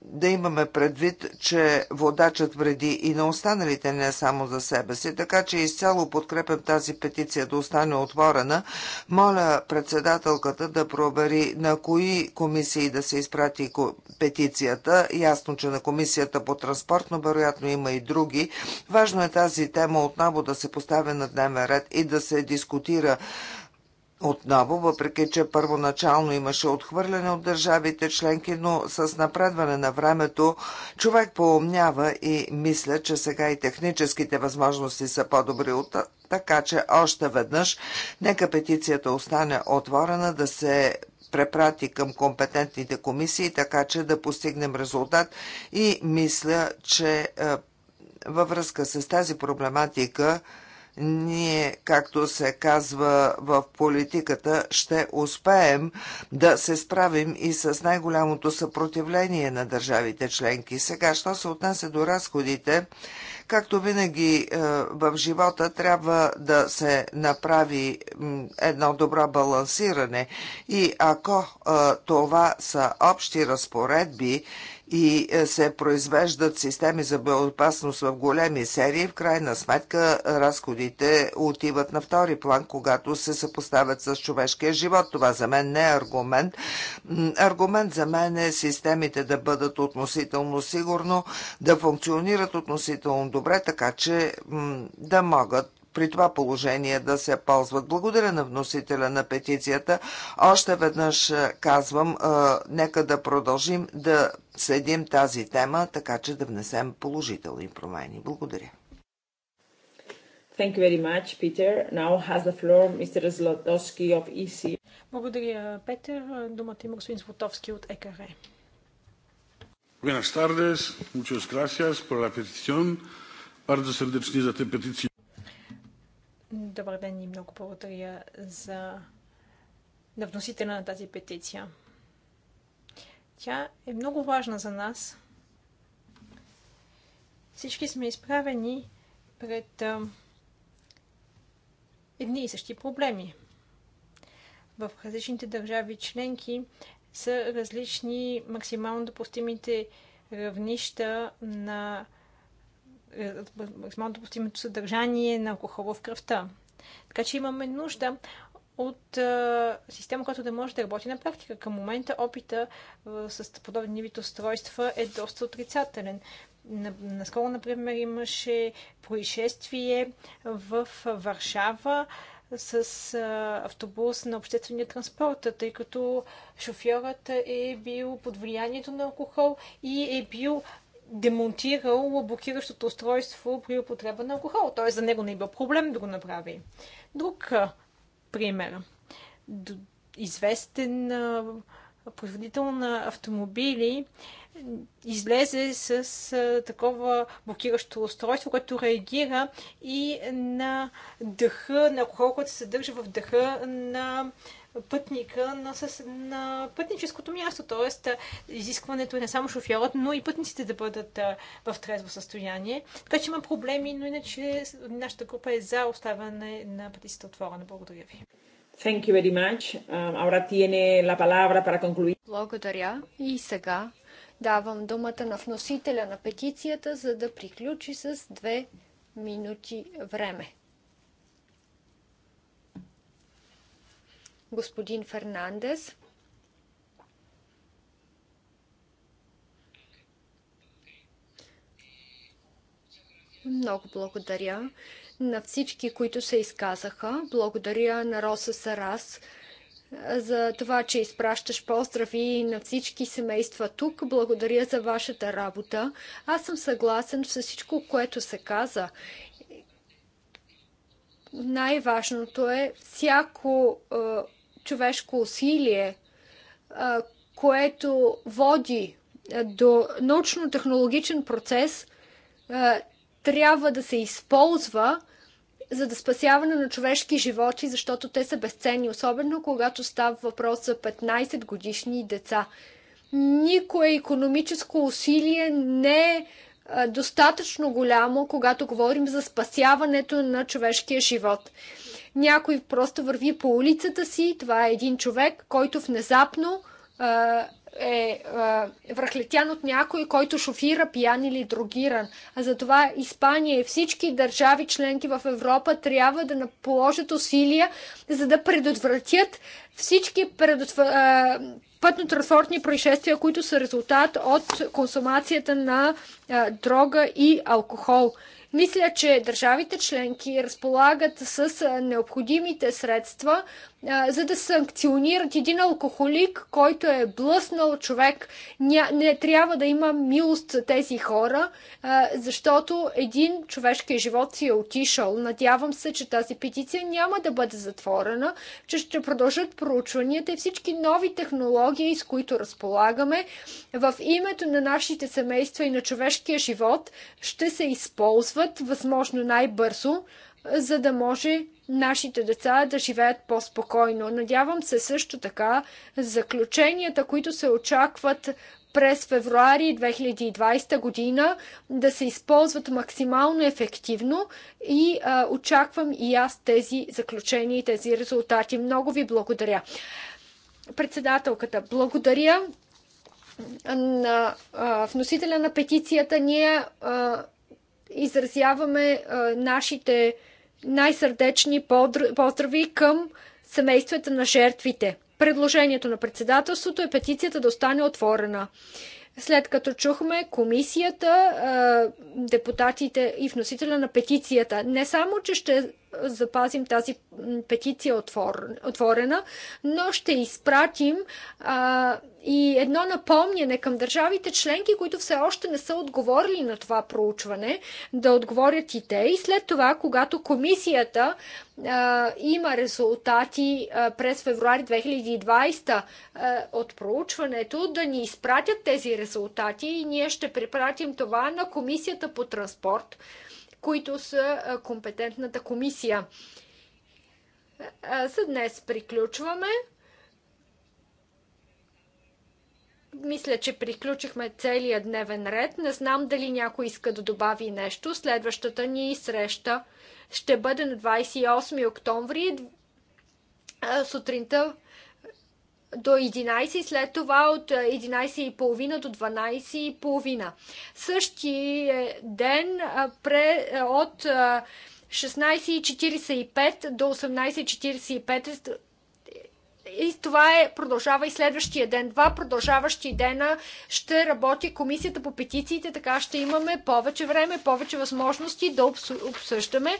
[SPEAKER 3] да имаме предвид, че водачът вреди и на останалите, не само за себе си, така че изцяло подкрепям тази петиция да остане отворена. Моля председателката да провери на кои комисии да се изпрати петицията. Ясно, че на комисията по транспорт, но вероятно има и други. Важно е тази тема отново да се поставя на дневен ред и да се дискутира отново, въпреки че първоначално имаше отхвърляне от държавите членки, но с напредване на времето човек поумнява и мисля, че сега и техническите възможности са по-добри от така че още веднъж нека петицията остане отворена да се препрати към компетентните комисии, така че да постигнем резултат и мисля, че е, във връзка с тази проблематика ние, както се казва в политиката, ще успеем да се справим и с най-голямото съпротивление на държавите членки. Сега, що се отнася до разходите, Както винаги е, в живота трябва да се направи едно добро балансиране и ако е, това са общи разпоредби и е, се произвеждат системи за безопасност в големи серии, в крайна сметка разходите отиват на втори план, когато се съпоставят с човешкия живот. Това за мен не е аргумент. Аргумент за мен е системите да бъдат относително сигурно, да функционират относително добре, така че да могат при това положение да се ползват. Благодаря на вносителя на петицията. Още веднъж е, казвам, е, нека да продължим да следим тази тема, така че да внесем положителни промени. Благодаря.
[SPEAKER 1] Thank you very much, Peter. Now has the floor Mr. Zlotowski of EC. Благодаря, Петър. Думата има
[SPEAKER 4] господин Злотовски от ЕКР.
[SPEAKER 3] Buenas tardes, muchas gracias por la petición. Bardzo serdecznie za tę petycję.
[SPEAKER 4] Добър ден и много благодаря за на вносителя на тази петиция. Тя е много важна за нас. Всички сме изправени пред едни и същи проблеми. В различните държави членки са различни максимално допустимите равнища на е, максимално допустимото съдържание на алкохол в кръвта. Така че имаме нужда от а, е, система, която да може да работи на практика. Към момента опита а, е, с подобни вид устройства е доста отрицателен. Наскоро, например, имаше происшествие в Варшава с а, автобус на обществения транспорт, тъй като шофьорът е бил под влиянието на алкохол и е бил демонтирал блокиращото устройство при употреба на алкохол. Т.е. за него не е бил проблем да го направи. Друг пример. Известен производител на автомобили излезе с такова блокиращо устройство, което реагира и на дъха, на алкохол, който се съдържа в дъха на пътника на, със, на пътническото място. Тоест, изискването е не само шофьорът, но и пътниците да бъдат в трезво състояние. Така че има проблеми, но иначе нашата група е за оставане на
[SPEAKER 1] пътниците отворена. Благодаря ви. Thank you very much. Um, ahora tiene la palabra para concluir.
[SPEAKER 2] Благодаря. И сега давам думата на вносителя на петицията, за да приключи с две минути време. господин Фернандес. Много благодаря на всички, които се изказаха. Благодаря на Роса Сарас за това, че изпращаш поздрави на всички семейства тук. Благодаря за вашата работа. Аз съм съгласен с всичко, което се каза. Най-важното е всяко човешко усилие, което води до научно-технологичен процес, трябва да се използва за да спасяване на човешки животи, защото те са безценни, особено когато става въпрос за 15 годишни деца. Никое економическо усилие не е достатъчно голямо, когато говорим за спасяването на човешкия живот. Някой просто върви по улицата си. Това е един човек, който внезапно е връхлетян от някой, който шофира пиян или другиран. А затова Испания и всички държави членки в Европа трябва да положат усилия, за да предотвратят всички предотв... пътно-транспортни происшествия, които са резултат от консумацията на дрога и алкохол. Мисля, че държавите членки разполагат с необходимите средства за да санкционират един алкохолик, който е блъснал човек. Ня, не трябва да има милост за тези хора, защото един човешки живот си е отишъл. Надявам се, че тази петиция няма да бъде затворена, че ще продължат проучванията и всички нови технологии, с които разполагаме, в името на нашите семейства и на човешкия живот ще се използват възможно най-бързо, за да може нашите деца да живеят по-спокойно. Надявам се също така заключенията, които се очакват през февруари 2020 година да се използват максимално ефективно и а, очаквам и аз тези заключения и тези резултати. Много ви благодаря. Председателката, благодаря на а, вносителя на петицията. Ние а, изразяваме а, нашите най-сърдечни поздрави към семействата на жертвите. Предложението на председателството е петицията да остане отворена. След като чухме комисията, депутатите и вносителя на петицията, не само, че ще запазим тази петиция отворена, но ще изпратим а, и едно напомняне към държавите членки, които все още не са отговорили на това проучване, да отговорят и те. И след това, когато комисията а, има резултати а, през февруари 2020 а, от проучването, да ни изпратят тези резултати и ние ще препратим това на комисията по транспорт които са компетентната комисия. За днес приключваме. мисля, че приключихме целият дневен ред. Не знам дали някой иска да добави нещо. Следващата ни среща ще бъде на 28 октомври сутринта до 11 и след това от 11.30 е, до 12.30. Същи е ден е, пре, от 16.45 до 18.45 и това е, продължава и следващия ден. Два продължаващи дена ще работи комисията по петициите, така ще имаме повече време, повече възможности да обсъждаме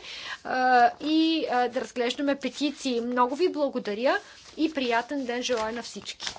[SPEAKER 2] и да разглеждаме петиции. Много ви благодаря и приятен ден желая на всички!